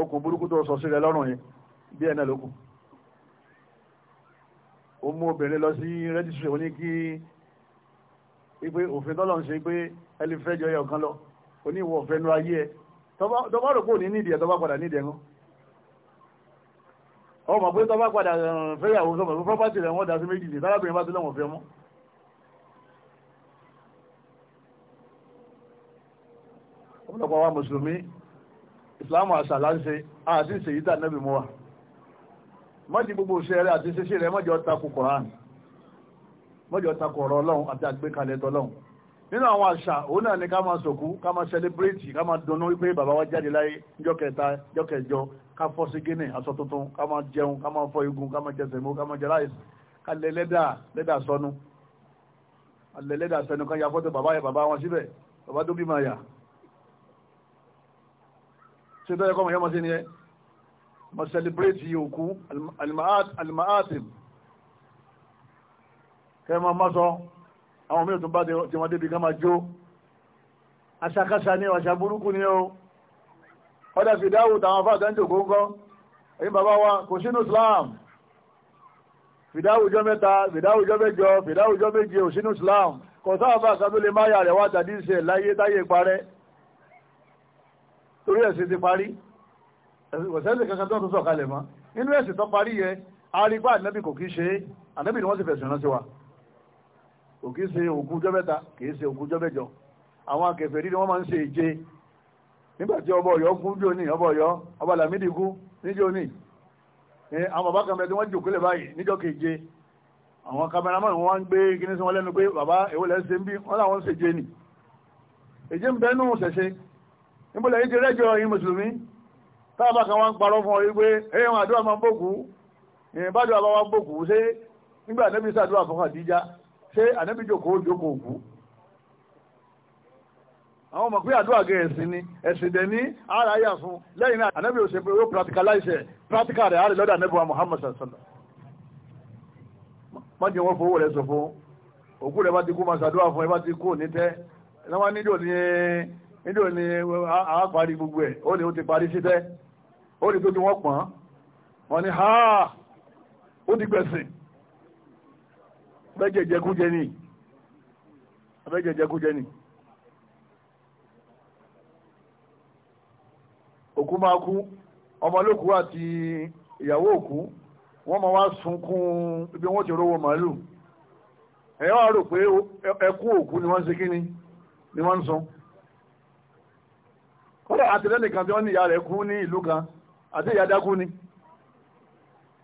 Speaker 1: okùn burúkú tó sọ sílẹ̀ lọ́rùn yẹn díẹ̀ náà lóko ó mú obìnrin lọ sí rẹ́díṣì ó ní kí ipe òfin tọ́lọ̀ ń ṣe pé ẹlẹ́fẹ́jọ yẹ ọ̀kan lọ ó ní nu ayé ẹ tọ́bọ̀ rò pé òní nídìí ẹ tọ́bọ̀ padà nídìí ẹ gan ọmọ pé tọ́ bá padà eh, fẹ́yàwó sọmọ pé property rẹ̀ wọ́n dá sí méjì ní sárábìnrin bá ti lọ́wọ́ fẹ́ mọ́ ọ̀pọ̀lọpọ̀ wa mùsùlùmí ìsìláàmù àṣà láṣẹ àti ìṣèyíta nẹ́bì mọ́ wa mọ́jì gbogbo òṣèré àti ṣeṣe rẹ̀ mọ́jọ́ takò Kùránì mọ́jọ́ takò ọ̀rọ̀ ọlọ́run àti àgbékalẹ̀ tọ́lọ́run nínú àwọn àṣà òun náà ni ká máa sòkú ká máa celebrate ká máa dunnú wípé bàbá wa jáde láyé níjọ́ kẹta níjọ́ kẹjọ ká fọ́ sí gíní aṣọ tuntun ká máa jẹun ká máa fọ́ igun ká máa jẹ sẹ̀mó ká máa jẹ láìsí ká lẹ lẹ́dà lẹ́dà sọnù alẹ́ lẹ́dà sẹnu kan ya fọ́tò bàbá yẹ bàbá wọn síbẹ̀ bàbá tó bí máa yà ṣe tó yẹ kọ́ mọ̀ yẹ́ mọ́ sí ni ẹ́ mọ̀ celebrate òkú almaatim kẹ́ mọ́ mọ́ sọ àwọn mí ò tún bá tí wọ́n débi kan máa jó aṣakásá ní ọ̀ṣà burúkú ni ó ọ̀dà fìdáwù tàwọn afá àtẹ́ńtò góńgọ́ ẹ̀yìn bàbá wa kò sínú Islam fìdáwù jọ mẹ́ta fìdáwù jọ mẹ́jọ fìdáwù méje ò sínú Islam kò sáà bá àṣà tó lè máyà rẹ̀ wá tàbí ìṣe láyé táyé parẹ́ torí ẹ̀sìn ti parí ọ̀sẹ́lẹ̀ kankan tó ń tún sọ̀kalẹ̀ mọ́ inú ẹ̀sìn tó parí yẹ arígbá òkì ṣe òkú jọ́mẹ́ta kìí ṣe òkú jọ́mẹ́jọ àwọn akẹfẹ̀rí ni wọ́n máa ń ṣe èje nígbàtí ọba ọ̀yọ́ kú jò ní ọba ọ̀yọ́ ọba làmídì kú níjò ní àwọn bàbá kan bẹ tí wọ́n jòkó lè báyìí níjọ́ keje àwọn kameraman wọn ń gbé kíní sí wọn lẹ́nu pé bàbá èwo lẹ́ ṣe ń bí wọ́n làwọn ń ṣèje nì èje ń bẹnu ṣẹ̀ṣe níbọ̀lẹ̀ yìí ti rẹ́jọ yìí mùsùlùmí táàbà kan wọ́n parọ́ fún ọ wípé ẹ̀yìn àdúrà máa ń bòkú ìrìnbájọ́ àbáwá bòkú ṣé nígbà nẹ́bí sàdúrà fún Khadija ṣé ànábì jókòó jókòó òkú àwọn ọmọ pé àdúrà gẹ ẹ̀sìn ni ẹ̀sìn dẹ̀ ara yà fún lẹ́yìn náà ànábì òṣè pé ó practicalize ẹ̀ practical rẹ̀ àrẹ lọ́dọ̀ ànábì wa Muhammad sàṣàlá májè wọn fowó rẹ̀ sọ fún òkú rẹ̀ bá ti kú máa ṣàdúrà fún ẹ bá ti kú ní tẹ́ ẹ wọ́n nílò ní nílò ní àáparí gbogbo ẹ̀ ó ní ó ti parí sí tẹ́ ó ní tó ti wọ́n pọ̀n wọ́n ní ha ó ti gbẹ̀sìn abẹ́jẹ̀jẹ̀kújẹ ni abẹ́jẹ̀jẹ̀kújẹ ni òkú máa kú ọmọlókú àti ìyàwó òkú wọ́n máa wá sunkún ibi wọ́n ti rówó màálù ẹ̀yọ́ wá rò pé ẹkú òkú ni wọ́n ń ṣe kí ni wọ́n ń sun kódà àtìlẹ́nìkan tí wọ́n ní ìyá rẹ̀ kú ní ìlú kan àti ìyá dákú ni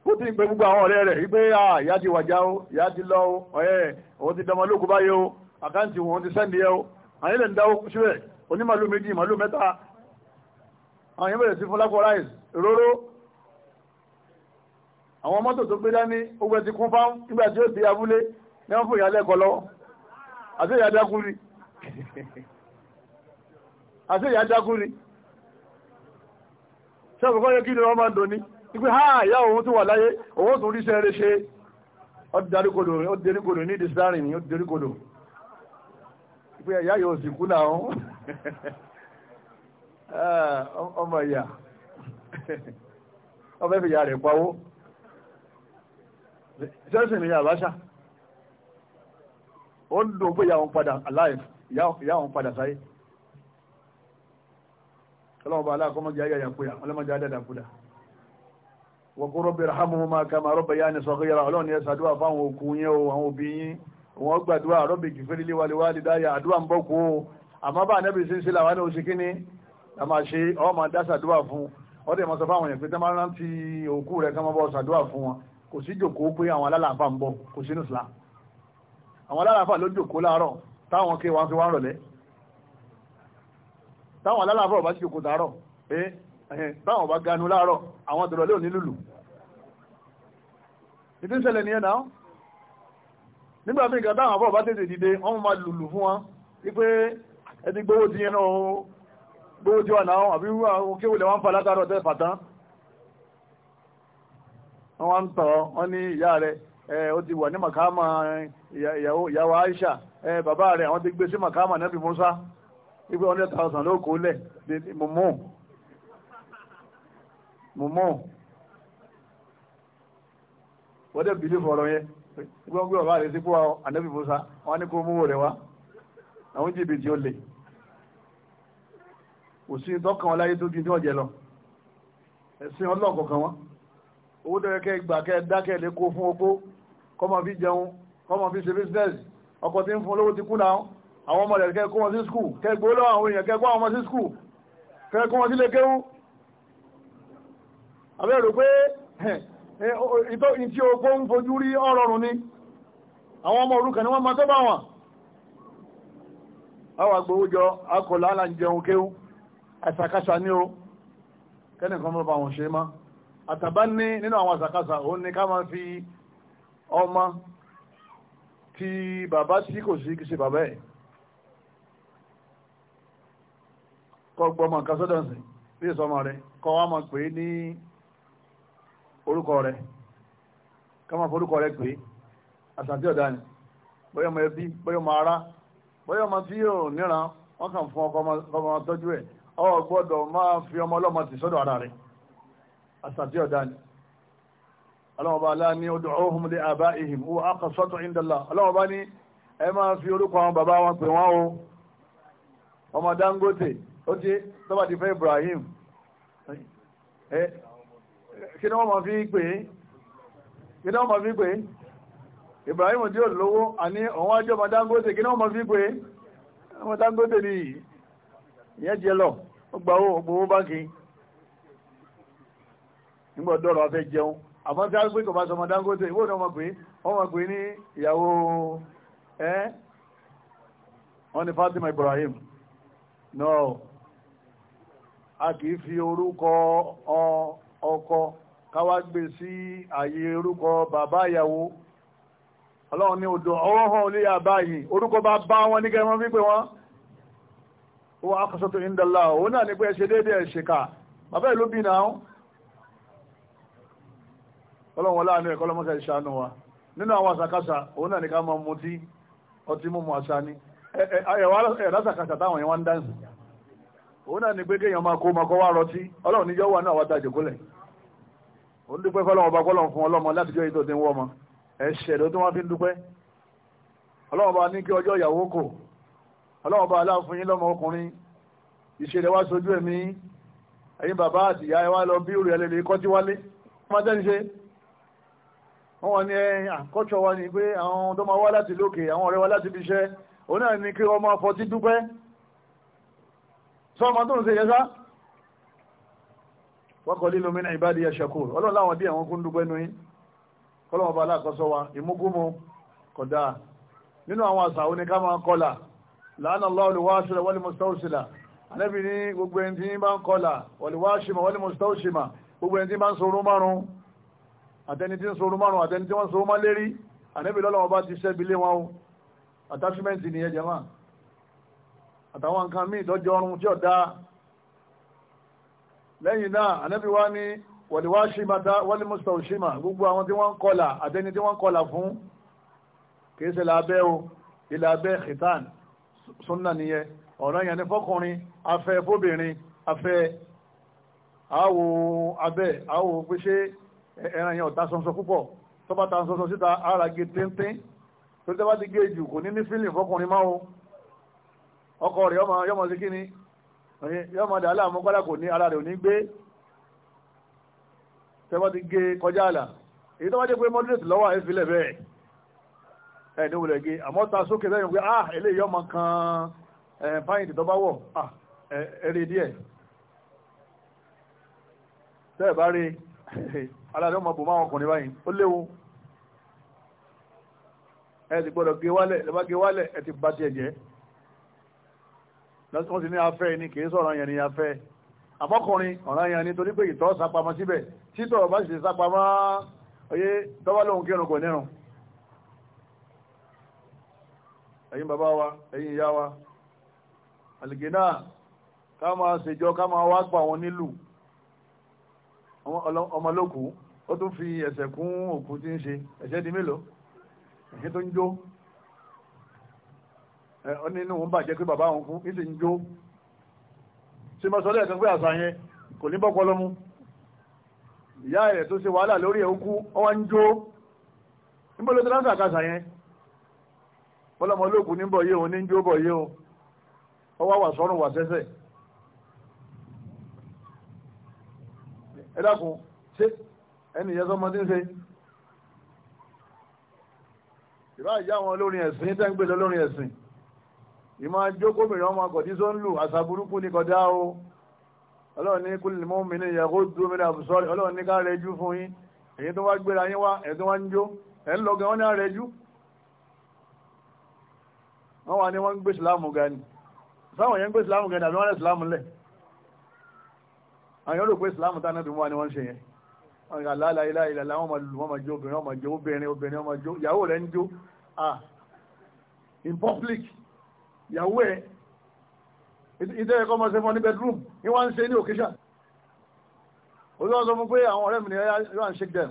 Speaker 1: kó tí ń pe gbogbo àwọn ọ̀rẹ́ rẹ̀ wípé ah, ìyá ti wàjá o ìyá ti lọ o ọ̀ẹ́ òun ti dọmọ lóko báyìí o àkáǹtì òun ti sẹ́ndì ẹ o àwọn ilẹ̀ ń dáwó síbẹ̀ onímàlú méjì màlú mẹ́ta àwọn yẹn bẹ̀rẹ̀ sí fún lápò ráìs róró àwọn mọ́tò tó gbé dání ogun ti kún fáwọn nígbà tí ó di abúlé ní wọ́n fún ìyálẹ̀ ẹ̀kọ́ lọ́wọ́ àti ìyá dákúri àti ìyá dákúri ṣé àbùkọ́ yẹ kí ni wọ́n máa dò ní ìgbé ha ìyá òun tó wà láyé òun tún ríṣẹ́ rẹ̀ ṣe ọdúndaríkodò ọdúndaríkodò ní ìdísáàrin ní ọdúndaríkodò ìgbé ìyá yóò sì kú náà ah, ọmọ ìyá ọbẹ̀ fi ìyá rẹ̀ pawó ṣẹ́sìn ní àbáṣà ó ń dùn pé ìyá òun padà alive ìyá òun padà sáyé ọlọ́mọba aláàkọ́mọ́jẹ́ ayé àyàkúyà ọlọ́mọjẹ́ adẹ́dàkúdà wọ́kú rọ́bì rahamuhuma kama rabbayani saghira ọlọ́run yẹn sàdúrà fáwọn òkú yẹn o àwọn òbí yín wọ́n gbàdúrà rọ́bì kìfẹ́rí lé wàlíwàlí dáyà àdúrà ń bọ̀ kú o àmọ́ bá anábì sí ń ṣe làwọn oṣù kínní a máa ṣe ọ́ máa dá sàdúrà fún wọ́n dẹ̀ máa sọ fáwọn yẹn pé tẹ́ máa rántí òkú rẹ̀ kán máa bọ̀ sàdúrà fún wọn báwọn bá ganu láàárọ̀ àwọn tòrọ̀ lóò ní lùlù ìdí ìṣẹ̀lẹ̀ nìyẹn náà nígbà míì kan táwọn àbọ̀ bá tètè dìde wọ́n máa lùlù fún wọn wípé ẹni gbowó ti yẹn náà gbowó ti wà náà àbí àwọn kéwìlẹ wọn fa látàárọ̀ tẹ fàtán wọ́n wá ń tọ̀ wọ́n ní ìyá rẹ̀ ó ti wà ní màkàmà ìyàwó Aisha bàbá rẹ̀ àwọn ti gbé sí màkàmà nẹ́bí Musa wípé 100,000 ló kó lẹ̀ mọ̀mọ́ mo mọ̀ wọ́n dẹ̀ bìlí fọ̀rọ̀ yẹn gbọ́n gbé ọba rẹ̀ sípò ànábì Musa wọn ní kó mú rẹ̀ wá àwọn jìbìtì ó lè kò sí tọ́kàn wọn láyé tó di ní ọ̀jẹ̀ lọ ẹ̀sìn ọlọ́ọ̀kọ̀ọ̀kan wọn owó tó yẹ kẹ́ gbà kẹ́ dákẹ́ lè kó fún opó kọ́mọ fi jẹun kọ́mọ fi ṣe bísínẹ́sì ọkọ̀ tí ń fún olówó ti kú náà àwọn ọmọ rẹ̀ kẹ́ kó wọn sí skul kẹ́ gbó lọ́wọ́ àwọn èèyàn kẹ́ kó àwọn ọmọ sí skul kẹ́ kó wọn sílé kéwú àbẹ́ rò pé eh, eh, oh, ìtí ogbó ń fojú rí ọ̀rọ̀rùn ni àwọn ọmọ òrukàn ni wọ́n ma tó bá wọn àwọn agbóhójọ akọ̀lá alájẹun kéhù àṣàkáṣà ní o kẹ́nìkan mọ́ bá wọn ṣe má àtàbá ní nínú àwọn àṣàkáṣà òun ni ká máa fi ọmọ tí bàbá tí kò sí kìí ṣe bàbá ẹ̀ kọ́ gbọ́mọ̀ kan bí ìsọmọ rẹ̀ kọ́ wá máa pè é ní orúkọ rẹ ká forúkọ rẹ pé àṣàtì ọ̀dà ni bóyá ọmọ ẹbí bóyá ọmọ ara bóyá ọmọ tí yóò wọn kàn fún ọkọ ọmọ tọ́jú ẹ̀ ọ gbọ́dọ̀ máa fi ọmọ ọlọ́mọ tì sọ́dọ̀ ara rẹ̀ àṣàtì ọ̀dà ni ọlọ́wọ́ bá aláà ní odò lé àbá ihim ìndàlá bá ní ẹ máa fi orúkọ àwọn bàbá wọn pè o ọmọ Dangote ó ti fẹ́ Ibrahim kí ni wọ́n máa fi pè é Ibrahim tí ó lówó àní òun wájú ọmọ Dangote kí ni wọ́n máa fi pè é ọmọ Dangote ni ìyẹn jẹ lọ ó gba owó gbowó báńkì nígbà dọ́rọ̀ afẹ́ jẹun àmọ́ tí a pé kò bá sọmọ Dangote ìwé ni wọ́n máa é wọ́n máa pè ní ìyàwó ẹ́ wọ́n ní Fatima Ibrahim náà a kì í fi orúkọ ọ ọkọ káwá gbé sí ààyè orúkọ bàbá ìyàwó ọlọ́run ní odò ọwọ́ hàn àbá bá bá wọn ní kẹwọn wípé wọn ó wá kọsọ tó ń òun náà ní pé ẹṣẹ déédé ẹṣẹ ká bàbá ìlú ọlọ́run wọn láàánú ẹ̀kọ́ lọ́mọ́sẹ̀ ìṣàánú wa nínú àwọn àṣàkáṣà òun náà ní ká ọtí àṣà ni ẹ̀rásàkàṣà táwọn òun dúpẹ́ fọlọ́wọ́n ọba kọ́lọ́n fún ọlọ́mọ láti jọ ètò ìdínwó ọmọ ẹ̀ṣẹ̀ ló tí wọ́n fi ń dúpẹ́ ọlọ́wọ́n bá ní kí ọjọ́ ìyàwó kò ọlọ́wọ́n bá aláàfin yín lọ́mọ ọkùnrin ìṣẹ̀lẹ̀ wá sojú ẹ̀mí ẹ̀yin bàbá àti ìyá ẹ wá lọ bí òrì ẹlẹ́lẹ́ kọ́tí wálé wọ́n tẹ́ ń ṣe wọ́n wọ́n ní àkọ́ṣọ́ wa ni pé àwọn tó máa wá láti lókè àwọn ọ̀rẹ́ wa láti fi iṣẹ́ òun náà ní kí ọmọ afọ dúpẹ́ sọ tó ń ṣe yẹn sá wọ́kọ̀ lílo mi náà ìbádìí ẹ̀ṣẹ̀kù ọlọ́run láwọn díẹ̀ wọn kún dúpẹ́ nu yín kọ́lọ́wọ́n bá aláàkọ́sọ wa ìmúgúnmu kódà nínú àwọn àṣà òní ká máa kọlà lánàá lọ́wọ́ olùwáṣílẹ̀ wọ́n ni mo sọ́ọ́ sílà ànábì ní gbogbo ẹni tí ń bá ń kọlà olùwáṣímà wọ́n ni mo sọ́ọ́ símà gbogbo ẹni tí bá ń sorun márùn àtẹni tí ń sorun márùn àtẹni tí wọ́n sorun má lérí ànábì lọ́lọ́wọ́ bá ti ṣẹ́bi lé wọn o attachment nìyẹn jẹ́ wọn àtàwọn nǹkan míì tọ́jú ọrùn tí ò dáa lẹ́yìn náà anábì wá ní wọ̀líwá ṣímata wọ́lí mustau ṣíma gbogbo àwọn tí wọ́n ń kọlà àtẹni tí wọ́n ń kọlà fún kìí ṣe làbẹ́ o ìlàbẹ́ khitan sunna nìyẹn ọ̀rọ̀ yẹn ni fọkùnrin afẹ́ fóbìnrin afẹ́ àwò abẹ́ àwò pèsè ẹran yẹn ọ̀tá sọ̀nsọ̀ púpọ̀ tọ́ba ta sọ̀nsọ̀ síta ara gé téńtéń torí tọ́ba ti gé jù kò ní ní fílì fọkùnrin máa o ọkọ rẹ̀ yọmọ sí kíni yóò máa dà láàmú kọ́lá kò ní ara rẹ̀ ò ní gbé tẹ́wọ́n ti gé kọjá àlà èyí tó wá jẹ́ pé moderate lọ́wọ́ àyè filẹ̀ bẹ́ẹ̀ ẹ̀ ní wulẹ̀ gé àmọ́ ta sókè lẹ́yìn pé ah eléyìí ọmọ kan pint tó bá wọ̀ ah ẹ̀rí díẹ̀ tẹ́ẹ̀ bá rí aládé ọmọ bùnmọ́ ọkùnrin báyìí ó léwu ẹ̀ ti gbọ́dọ̀ gé wálẹ̀ ẹ̀ bá gé wálẹ̀ ẹ̀ ti bá tiẹ̀ jẹ́ wọ́n ti ní afẹ́ ni kì sọ̀rọ̀ yẹn ni afẹ́ àmọ́kùnrin ọ̀ràn yẹn ni torí pé ìtọ́ sápamọ́ síbẹ̀ títọ̀ bá sì sápamọ́ oyé tọ́wọ́ lóhun kírun kò nírun ẹ̀yin bàbá wa ẹ̀yin ìyá wa àlìgè náà ká máa ṣèjọ ká máa wá pa àwọn nílùú ọmọlókù ó tún fi ẹsẹ̀ kún òkú tí ń ṣe ẹsẹ̀ di mélòó ẹsẹ̀ tó ń jó ọ nínú òun bàjẹ́ pé bàbá òun fún ìsì ń jó ṣe máa sọ lẹ́ẹ̀kan pé àṣà yẹn kò ní bọ́pọ̀ lọ́mú ìyá rẹ̀ tó ṣe wàhálà lórí ẹ̀ òkú ọwá ń jó níbo ló ti láǹkà kàṣà yẹn bọ́lọ́mọ olóògùn ní bọ̀ yé òun ìbá ìyá wọn lórí ẹ̀sìn tẹ́ ń gbé lọ ẹ̀sìn ìmọ̀ jókòmìnira ọmọ akọ̀dí sọ́nlù àṣà burúkú ní kọjá o ọlọ́run ní kúlì mọ́ mi ní ìyàgò dúró mi ní àbùsọ́rì ọlọ́run ní ká rẹjú fún yín èyí tó wá gbéra yín wá ẹ̀ tó wá ń jó ẹ̀ ń lọ́gàn wọn ní àrẹjú wọ́n wà ní wọ́n ń gbé ìsìláàmù ga ni sáwọn yẹn ń gbé ìsìláàmù ga ni àbí wọ́n rẹ̀ ìsìláàmù lẹ̀ àwọn yóò rò pé ìsìláàmù táwọn ẹ̀dùn wà ni wọ́n ń ṣe yẹn wọ́n ga láàlá ilá ilà láwọn ọmọ lù wọ́n máa jó obìnrin ọmọ jó obìnrin obìnrin ọmọ jó ah, in public ìyàwó ẹ̀ ìtẹ́ ẹ̀kọ́ máa ṣe fún ọ ní bedroom ní wọ́n ń ṣe ní occasion olóòsọ fún pé àwọn ọ̀rẹ́ mi ni yóò ń dem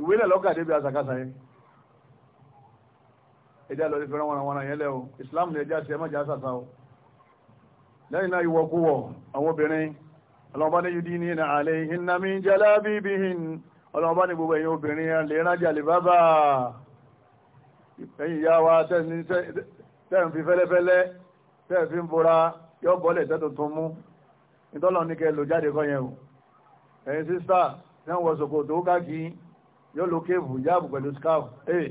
Speaker 1: ìwé ilẹ̀ débi àṣàkáṣà yẹn lọ wọn àwọn àyẹ́lẹ́ o Islam ni ẹjá ṣe ẹmọ́jà àṣàṣà o lẹ́yìn náà ìwọ kú wọ àwọn obìnrin ọlọ́ọ̀bá ní yudi ní ìnà àlẹ́ ìhìnnà jẹ́lá bíbí hin ní gbogbo ẹ̀yin obìnrin lè rájà lè bábà ìyá tẹ́ ń fi fẹ́lẹ́fẹ́lẹ́ tẹ́ ń fi ń bora yọ bọ́lẹ̀ tẹ́ tuntun mú ìtọ́lọ̀ ní kẹ́ lò jáde kọ́ yẹn o ẹ̀yin sísá tẹ́ ń wọ ṣòkòtò káàkì yóò lo kéèvù yáàbù pẹ̀lú scarf ee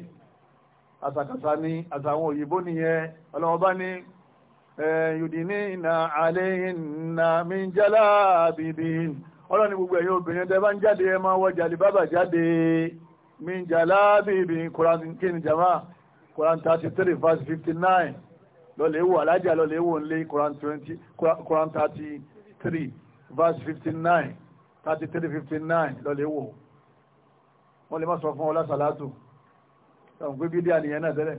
Speaker 1: àṣàkàṣà ni àṣàwọn òyìnbó nìyẹn ọlọ́wọ́n bá ní yùdìní ìnà àlẹ́ ìnà mi ń jálá bìbì ọlọ́ni gbogbo ẹ̀yin obìnrin tẹ́ bá ń jáde ẹ máa wọ jàlíbábà jáde mi ń jálá bìbì kùràǹkì ní jàmáà Quran 33, verse 59. nine lọ́lẹ̀ ewu alájà lọ́lẹ̀ ewu ńlẹ̀ Quran 20, Quran 33, verse 59. 33, thirty three fifty nine lọ́lẹ̀ ewu wọ́n lè má sọ fún ọlá sàlátù ẹ̀wọ̀n pé bídí àníyàn náà tẹ́lẹ̀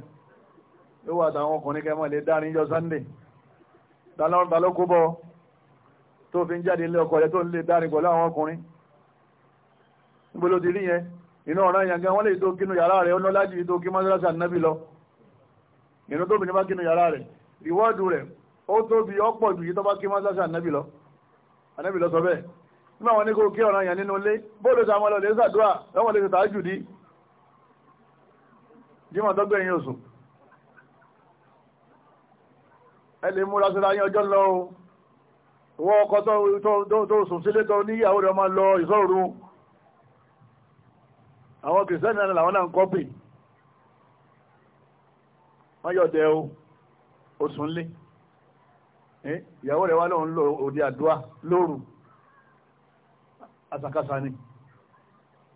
Speaker 1: ewu àtàwọn ọkùnrin kẹ́mọ́ lè dá níjọ Sunday dalókó bọ́ tó fi ń jáde ilé ọkọ rẹ̀ tó ń lè dá ní pẹ̀lú àwọn ọkùnrin níbo ló ti rí yẹn inú ọ̀ràn yàngá wọ́n lè tó kínú yàrá rẹ̀ ọ̀nà láti tó kí mọ́sálásí ànábì lọ inú tóbi ní bá kínú yàrá rẹ̀ ìwọ́ọ̀dù rẹ̀ ó tóbi ọ̀pọ̀ jù yìí tó bá kí mọ́sálásí ànábì lọ ànábì lọ sọ bẹ́ẹ̀ nígbà wọn ní kó kí ọ̀ràn yàn nínú ilé bóòdù sàmọ́ lọ lè sàdúrà lọ́wọ́ lè sàtà jù dí jímọ̀ tó gbẹ̀yìn oṣù ẹ lè múra sí láyé ọjọ́ lọ wọ́n ọkọ̀ tó sùn sílé tó níyàwó rẹ̀ máa lọ ìṣòro àwọn kìrìsìtẹ́nì náà làwọn náà ń kọ́pì wọ́n yọ̀dẹ o oṣù ńlé ìyàwó rẹ̀ wá lóun lò òde àdúrà lóru àsàkásà ni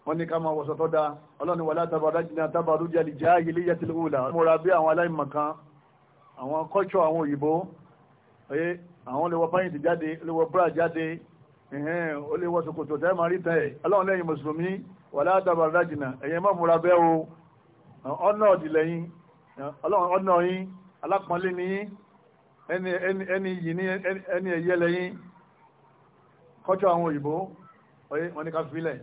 Speaker 1: wọ́n ní ká máa wọ̀sọ̀ tó dáa ọlọ́ni wà látàbàdá jìnà tábàrú jẹ́ àlìjá ilé yẹ́ tìlú òòlà múra bí àwọn aláìmọ̀kan àwọn kọ́ṣọ́ àwọn òyìnbó ẹ àwọn lè wọ pàyìntì jáde lè wọ búrà jáde ó lè wọ ṣòkòtò tẹ́ máa rí tẹ́ ọlọ́run lẹ́yìn mùsùlùmí wàlá àtàbàrà jìnà ẹ̀yẹ má múra bẹ́ o ọ̀nà ọ̀dìlẹ̀yìn ọ̀nà yín alápọ̀nlé ni yín ẹni yìí ní ẹni ẹ̀yẹ lẹ́yìn kọ́jọ́ àwọn òyìnbó wọ́n ní ká filẹ̀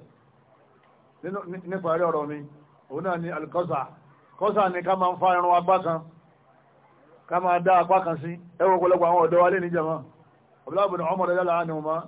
Speaker 1: nípa ẹ̀rẹ́ ọ̀rọ̀ mi òun náà ni alikọ́sà kọ́sà ni ká fa irun kan ká máa dá kan sí wa ọmọdé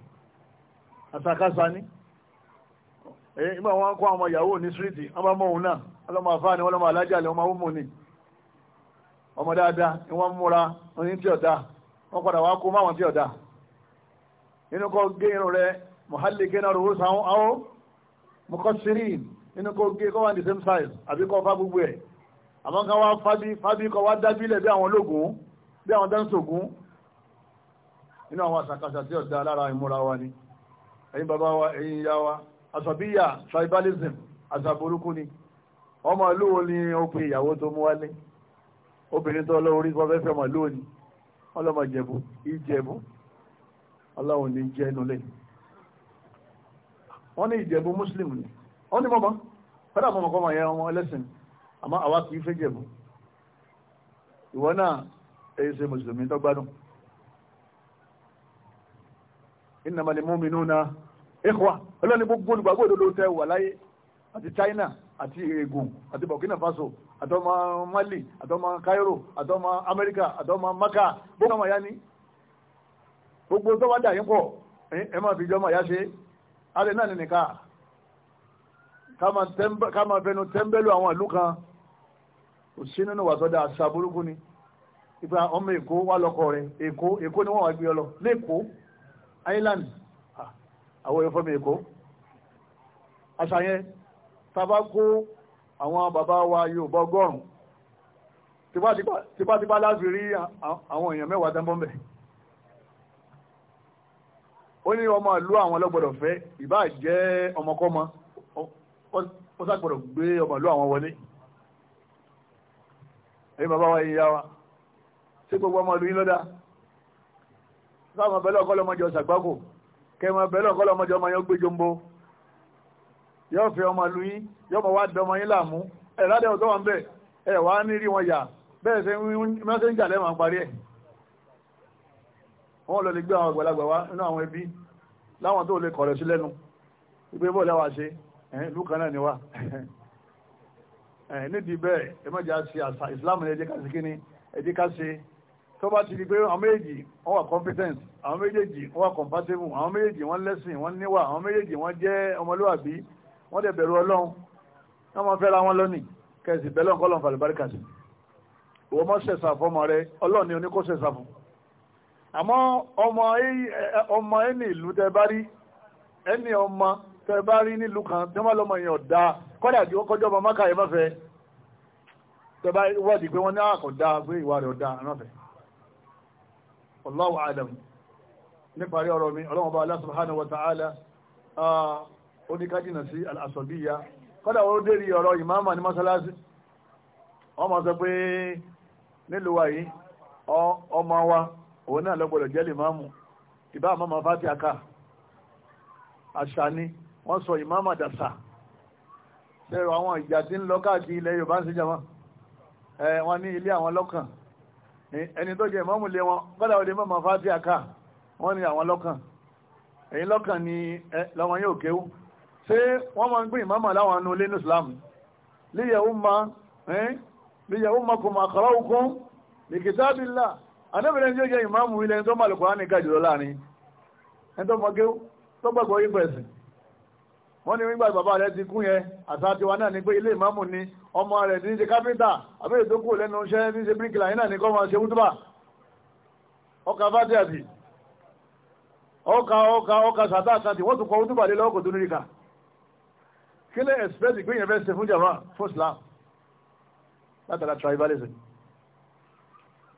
Speaker 1: àtàkásá ní nígbà wọn kọ́ àwọn ìyàwó ní síríìtì wọn bá mọ òun náà ọlọ́mọ àfáà ni ọlọ́mọ alájà ni ọmọ ọmọ ni ọmọ dáadáa ni wọ́n múra oní tí ọ̀dà wọ́n padà wá kó máwọn tí ọ̀dà nínú kọ́ gé rẹ mọ̀hálì gé náà rúrú sáwọn áwọ́ mọ̀kọ́ nínú kọ́ gé kọ́ wà ní same size àbí kọ́ fá gbogbo ẹ̀ àmọ́ kan wá fábí fábí kọ́ wá dábílẹ̀ bí àwọn ológun bí àwọn dáńsògún nínú àwọn àṣàkáṣà tí ọ̀dà lára ìmúra wa ni ẹ̀yin bàbá wa ẹ̀yin ìyá wa àṣàbíyà tribalism àṣà burúkú ni ọmọ ìlú ni ó pe ìyàwó tó mú wálé obìnrin tó lọ orí tó fẹ́ fẹ́ ọmọ ìlú òní ọlọ́mọ ìjẹ̀bú ìjẹ̀bú ọlọ́run ní jẹ́nu lẹ́yìn wọ́n ní ìjẹ̀bú muslim ni wọ́n ní mọ́mọ́ fẹ́rẹ̀ àwọn ọmọkọ́mọ yẹn ọmọ ẹlẹ́sìn àmọ́ àwa kì í fẹ́ jẹ̀bú ìwọ náà èyí ṣe mùsùlùmí tó gbádùn innamal mu'minuna ikhwa ọlọ́ni gbogbo olùgbàgbọ́ òdodo tẹ wà láyé àti China àti egun àti Burkina Faso àtọmọ Mali àtọmọ Cairo àtọmọ America àtọmọ Maka gbogbo ọmọ ya ni gbogbo tó wá dà yín pọ̀ ẹ máa fi jọmọ ya ṣe alẹ́ náà nìkan ká máa fẹnu tẹ́ḿbẹ́lú àwọn ìlú kan kò sí nínú wà sọ́dọ̀ àṣà burúkú ni ìgbà ọmọ Èkó wà lọ́kọ̀ rẹ̀ Èkó Èkó ni wọ́n wá gbé ọ lọ lẹ́kọ̀ọ́ island ah, àwọn ẹ̀fọ́ mi èkó àṣàyẹn tàbá kó àwọn bàbá wa Yorùbá ọgọ́rùn-ún tipátipá láti rí àwọn èèyàn mẹ́wàá dánbọ́m̀bẹ̀ ó ní ọmọ ìlú àwọn lọ́gbọ̀dọ̀ fẹ́ ìbá jẹ́ ọmọkọ́mọ ó sàgbọ̀dọ̀ gbé ọmọ ìlú àwọn wọlé ẹ̀yìn bàbá wa yìí yá wa ṣé gbogbo ọmọ ìlú yín lọ́dà sáwọn ọbẹ̀lẹ̀ ọkọlọmọjọ sàgbákò kẹmọ ọbẹ̀lẹ̀ ọkọlọmọjọ ọmọ yóò gbé jombo yóò fẹ́ ọmọ lu yín yóò mọ̀ wá dọmọ yín láàmú ẹ̀ ládẹ́ ọ̀tọ́ wọn bẹ́ẹ̀ ẹ̀ wá ní rí wọn yà bẹ́ẹ̀ ṣe mẹ́sẹ̀njà lẹ́wọ̀n parí ẹ̀ wọ́n lọ lè gbé àwọn àgbàlagbà wá nínú àwọn ẹbí láwọn tó lè kọ̀rọ̀ sí lẹ́nu ìgbé bọ́ lẹ́wà tó bá ti di pé àwọn méjèèjì wọ́n wà competent àwọn méjèèjì wọ́n wà compatible àwọn méjèèjì wọ́n lẹ́sìn wọ́n níwà àwọn méjèèjì wọ́n jẹ́ ọmọlúwàbí wọ́n dẹ̀ bẹ̀rù ọlọ́run wọ́n máa fẹ́ra wọn lónìí kẹsì bẹ́lọ́n kọ́lọ́n fàlùbáríkà sí ìwọ́n mọ́ sẹ̀sà fọmọ rẹ ọlọ́run ni oníkó sẹ̀sà fún àmọ́ ọmọ ẹni ìlú tẹ bá rí ẹni ọmọ tẹ bá rí nílùú kan tí wọ́n bá lọ́mọ yẹn ọ̀dà wallahu alam níparí ọ̀rọ̀ mi ọlọ́wọ́n bá Allah subhanahu wa ta'ala ó sí al-asabiyya wọ́n ó dérí ọ̀rọ̀ ìmáàmà ní mọ́sálásí wọ́n ma sọ pé nílùú yìí ọmọ wa òun náà lọ́gbọ̀dọ̀ jẹ́ lìmáàmù ìbá àmọ́mọ́ fáti àká àṣà ni wọ́n sọ ìmáàmà dàṣà ẹni tó jẹ́ ìmọ̀mù lé wọn kọ́dà òde mọ́mọ́ fáti àká wọ́n ní àwọn lọ́kàn èyí lọ́kàn ni lọ́wọ́ yóò kéwú ṣé wọ́n máa ń gbé ìmọ̀mù láwọn anú lé ní Islam líyẹ̀ umma líyẹ̀ umma kò máa kọ́rọ́ òkun li kitabillah anábìrin tó jẹ́ ìmọ̀mù ilẹ̀ tó mọ̀ lùkùránì gàjùlọ láàrin ẹni tó mọ̀ kéwú tó gbàgbọ́ yí pẹ̀sìn wọ́n ní nígbà bàbá rẹ̀ ti kún yẹn àtàtiwa náà ni pé ilé ìmáàmù ni ọmọ rẹ̀ ti ń ṣe kápẹ́ńtà àbẹ́rẹ́ tó kù lẹ́nu iṣẹ́ ní ṣe bíríkìlà yìí náà ni kọ́ máa ṣe wútúbà ọkà fàtí àbí ọkà ọkà ọkà sàtà àtàtì wọ́n tún kọ wútúbà lé lọ́wọ́ kò tún níríkà kí lè expect ìgbéyàn fẹ́ ṣe fún jàmá fún Islam látara tribalism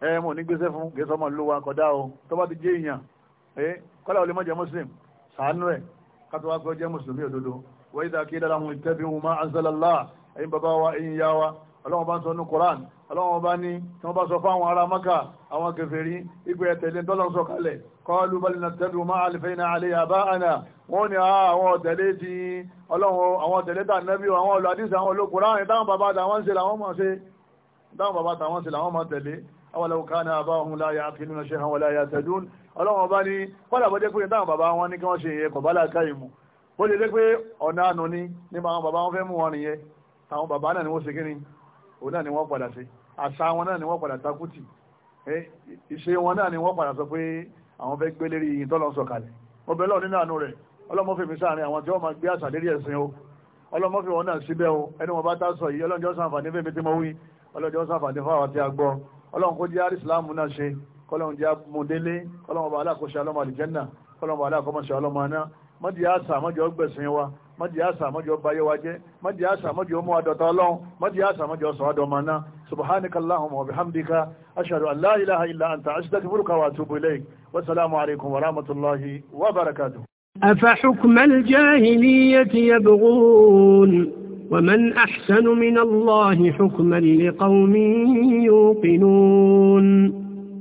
Speaker 1: ẹ mọ̀ ní gbéṣẹ́ fún gẹ̀ẹ́sọ́mọ̀ lówà kọ̀dá o tó bá ti jẹ́ èèyàn kọ́lá olè mọ́jẹ́ Muslim sàánú kátó wá gbọ́jẹ́ mùsùlùmí òdodo wọ́n ìdá kí dára wọn tẹ́bí wọn máa anzalallah ẹ̀yin bàbá wa ẹ̀yin yá wa ọlọ́wọ́n bá ń sọ ní koran ọlọ́wọ́n bá ní tí wọ́n bá sọ fáwọn ará maka àwọn kèfèrí ìgbé ẹ̀tẹ̀lé tọ́lọ́ sọ kalẹ̀ kọlu balina tẹ́bí wọn máa alifẹ́ iná alẹ́ yàbá àná wọ́n ní ah, àwọn ọ̀tẹ̀lé ti ọlọ́wọ́n àwọn ọ̀tẹ̀lé tà nẹ́bí àwọn ọlọ́ àdìsí àwọn olókùnrin táwọn bàbá táwọn ṣe làwọn máa ṣe táwọn bàbá táwọn ṣe làwọn máa tẹ̀lé awalawo kana abahun la ya akiluna shehan wala ya tadun ọlọ́run ọba ní kọ́dà bó jẹ́ pé táwọn bàbá wọn ní kí wọ́n ṣe yẹ kọ̀ bá láàká ìmù bó jẹ́ pé ọ̀nà àánú ni nípa àwọn bàbá wọn fẹ́ mú wọn nìyẹn àwọn bàbá náà ni wọ́n ṣe kí ni òun náà ni wọ́n padà ṣe àṣà wọn náà ni wọ́n padà takùtì ìṣe wọn náà ni wọ́n padà sọ pé àwọn fẹ́ gbé lérí yìí tọ́lọ́ sọ̀kalẹ̀ mo bẹ̀ lọ nínú àánú rẹ̀ ọlọ́mọ́fẹ́ mi sáàrin àwọn tí wọ́n máa gbé àṣà lérí ẹ̀sìn o ọlọ́mọ́fẹ́ wọn náà síbẹ̀ o ẹni wọn bá tá sọ yìí ọlọ́njọ́ sàǹfààní fẹ́mi tí kọ́lọ́run jẹ́ mọ́délé kọ́lọ́run ọba aláàkóṣe alọ́mọ àlìjẹ́nà kọ́lọ́run ọba aláàkọ́mọṣẹ́ alọ́mọ aná mọ́dí àṣà mọ́jọ gbẹ̀sìn wa mọ́dí àṣà mọ́jọ bayé wa jẹ́ mọ́dí àṣà mọ́jọ mú adọ̀tọ̀ ọlọ́run mọ́dí àṣà mọ́jọ sọ adọ̀mọ aná subhanaka wa bihamdika ashhadu an la ilaha illa anta astaghfiruka wa atubu ilayk wassalamu alaykum wa rahmatullahi wa barakatuh أفحكم الجاهلية يبغون ومن أحسن من الله حكما لقوم يوقنون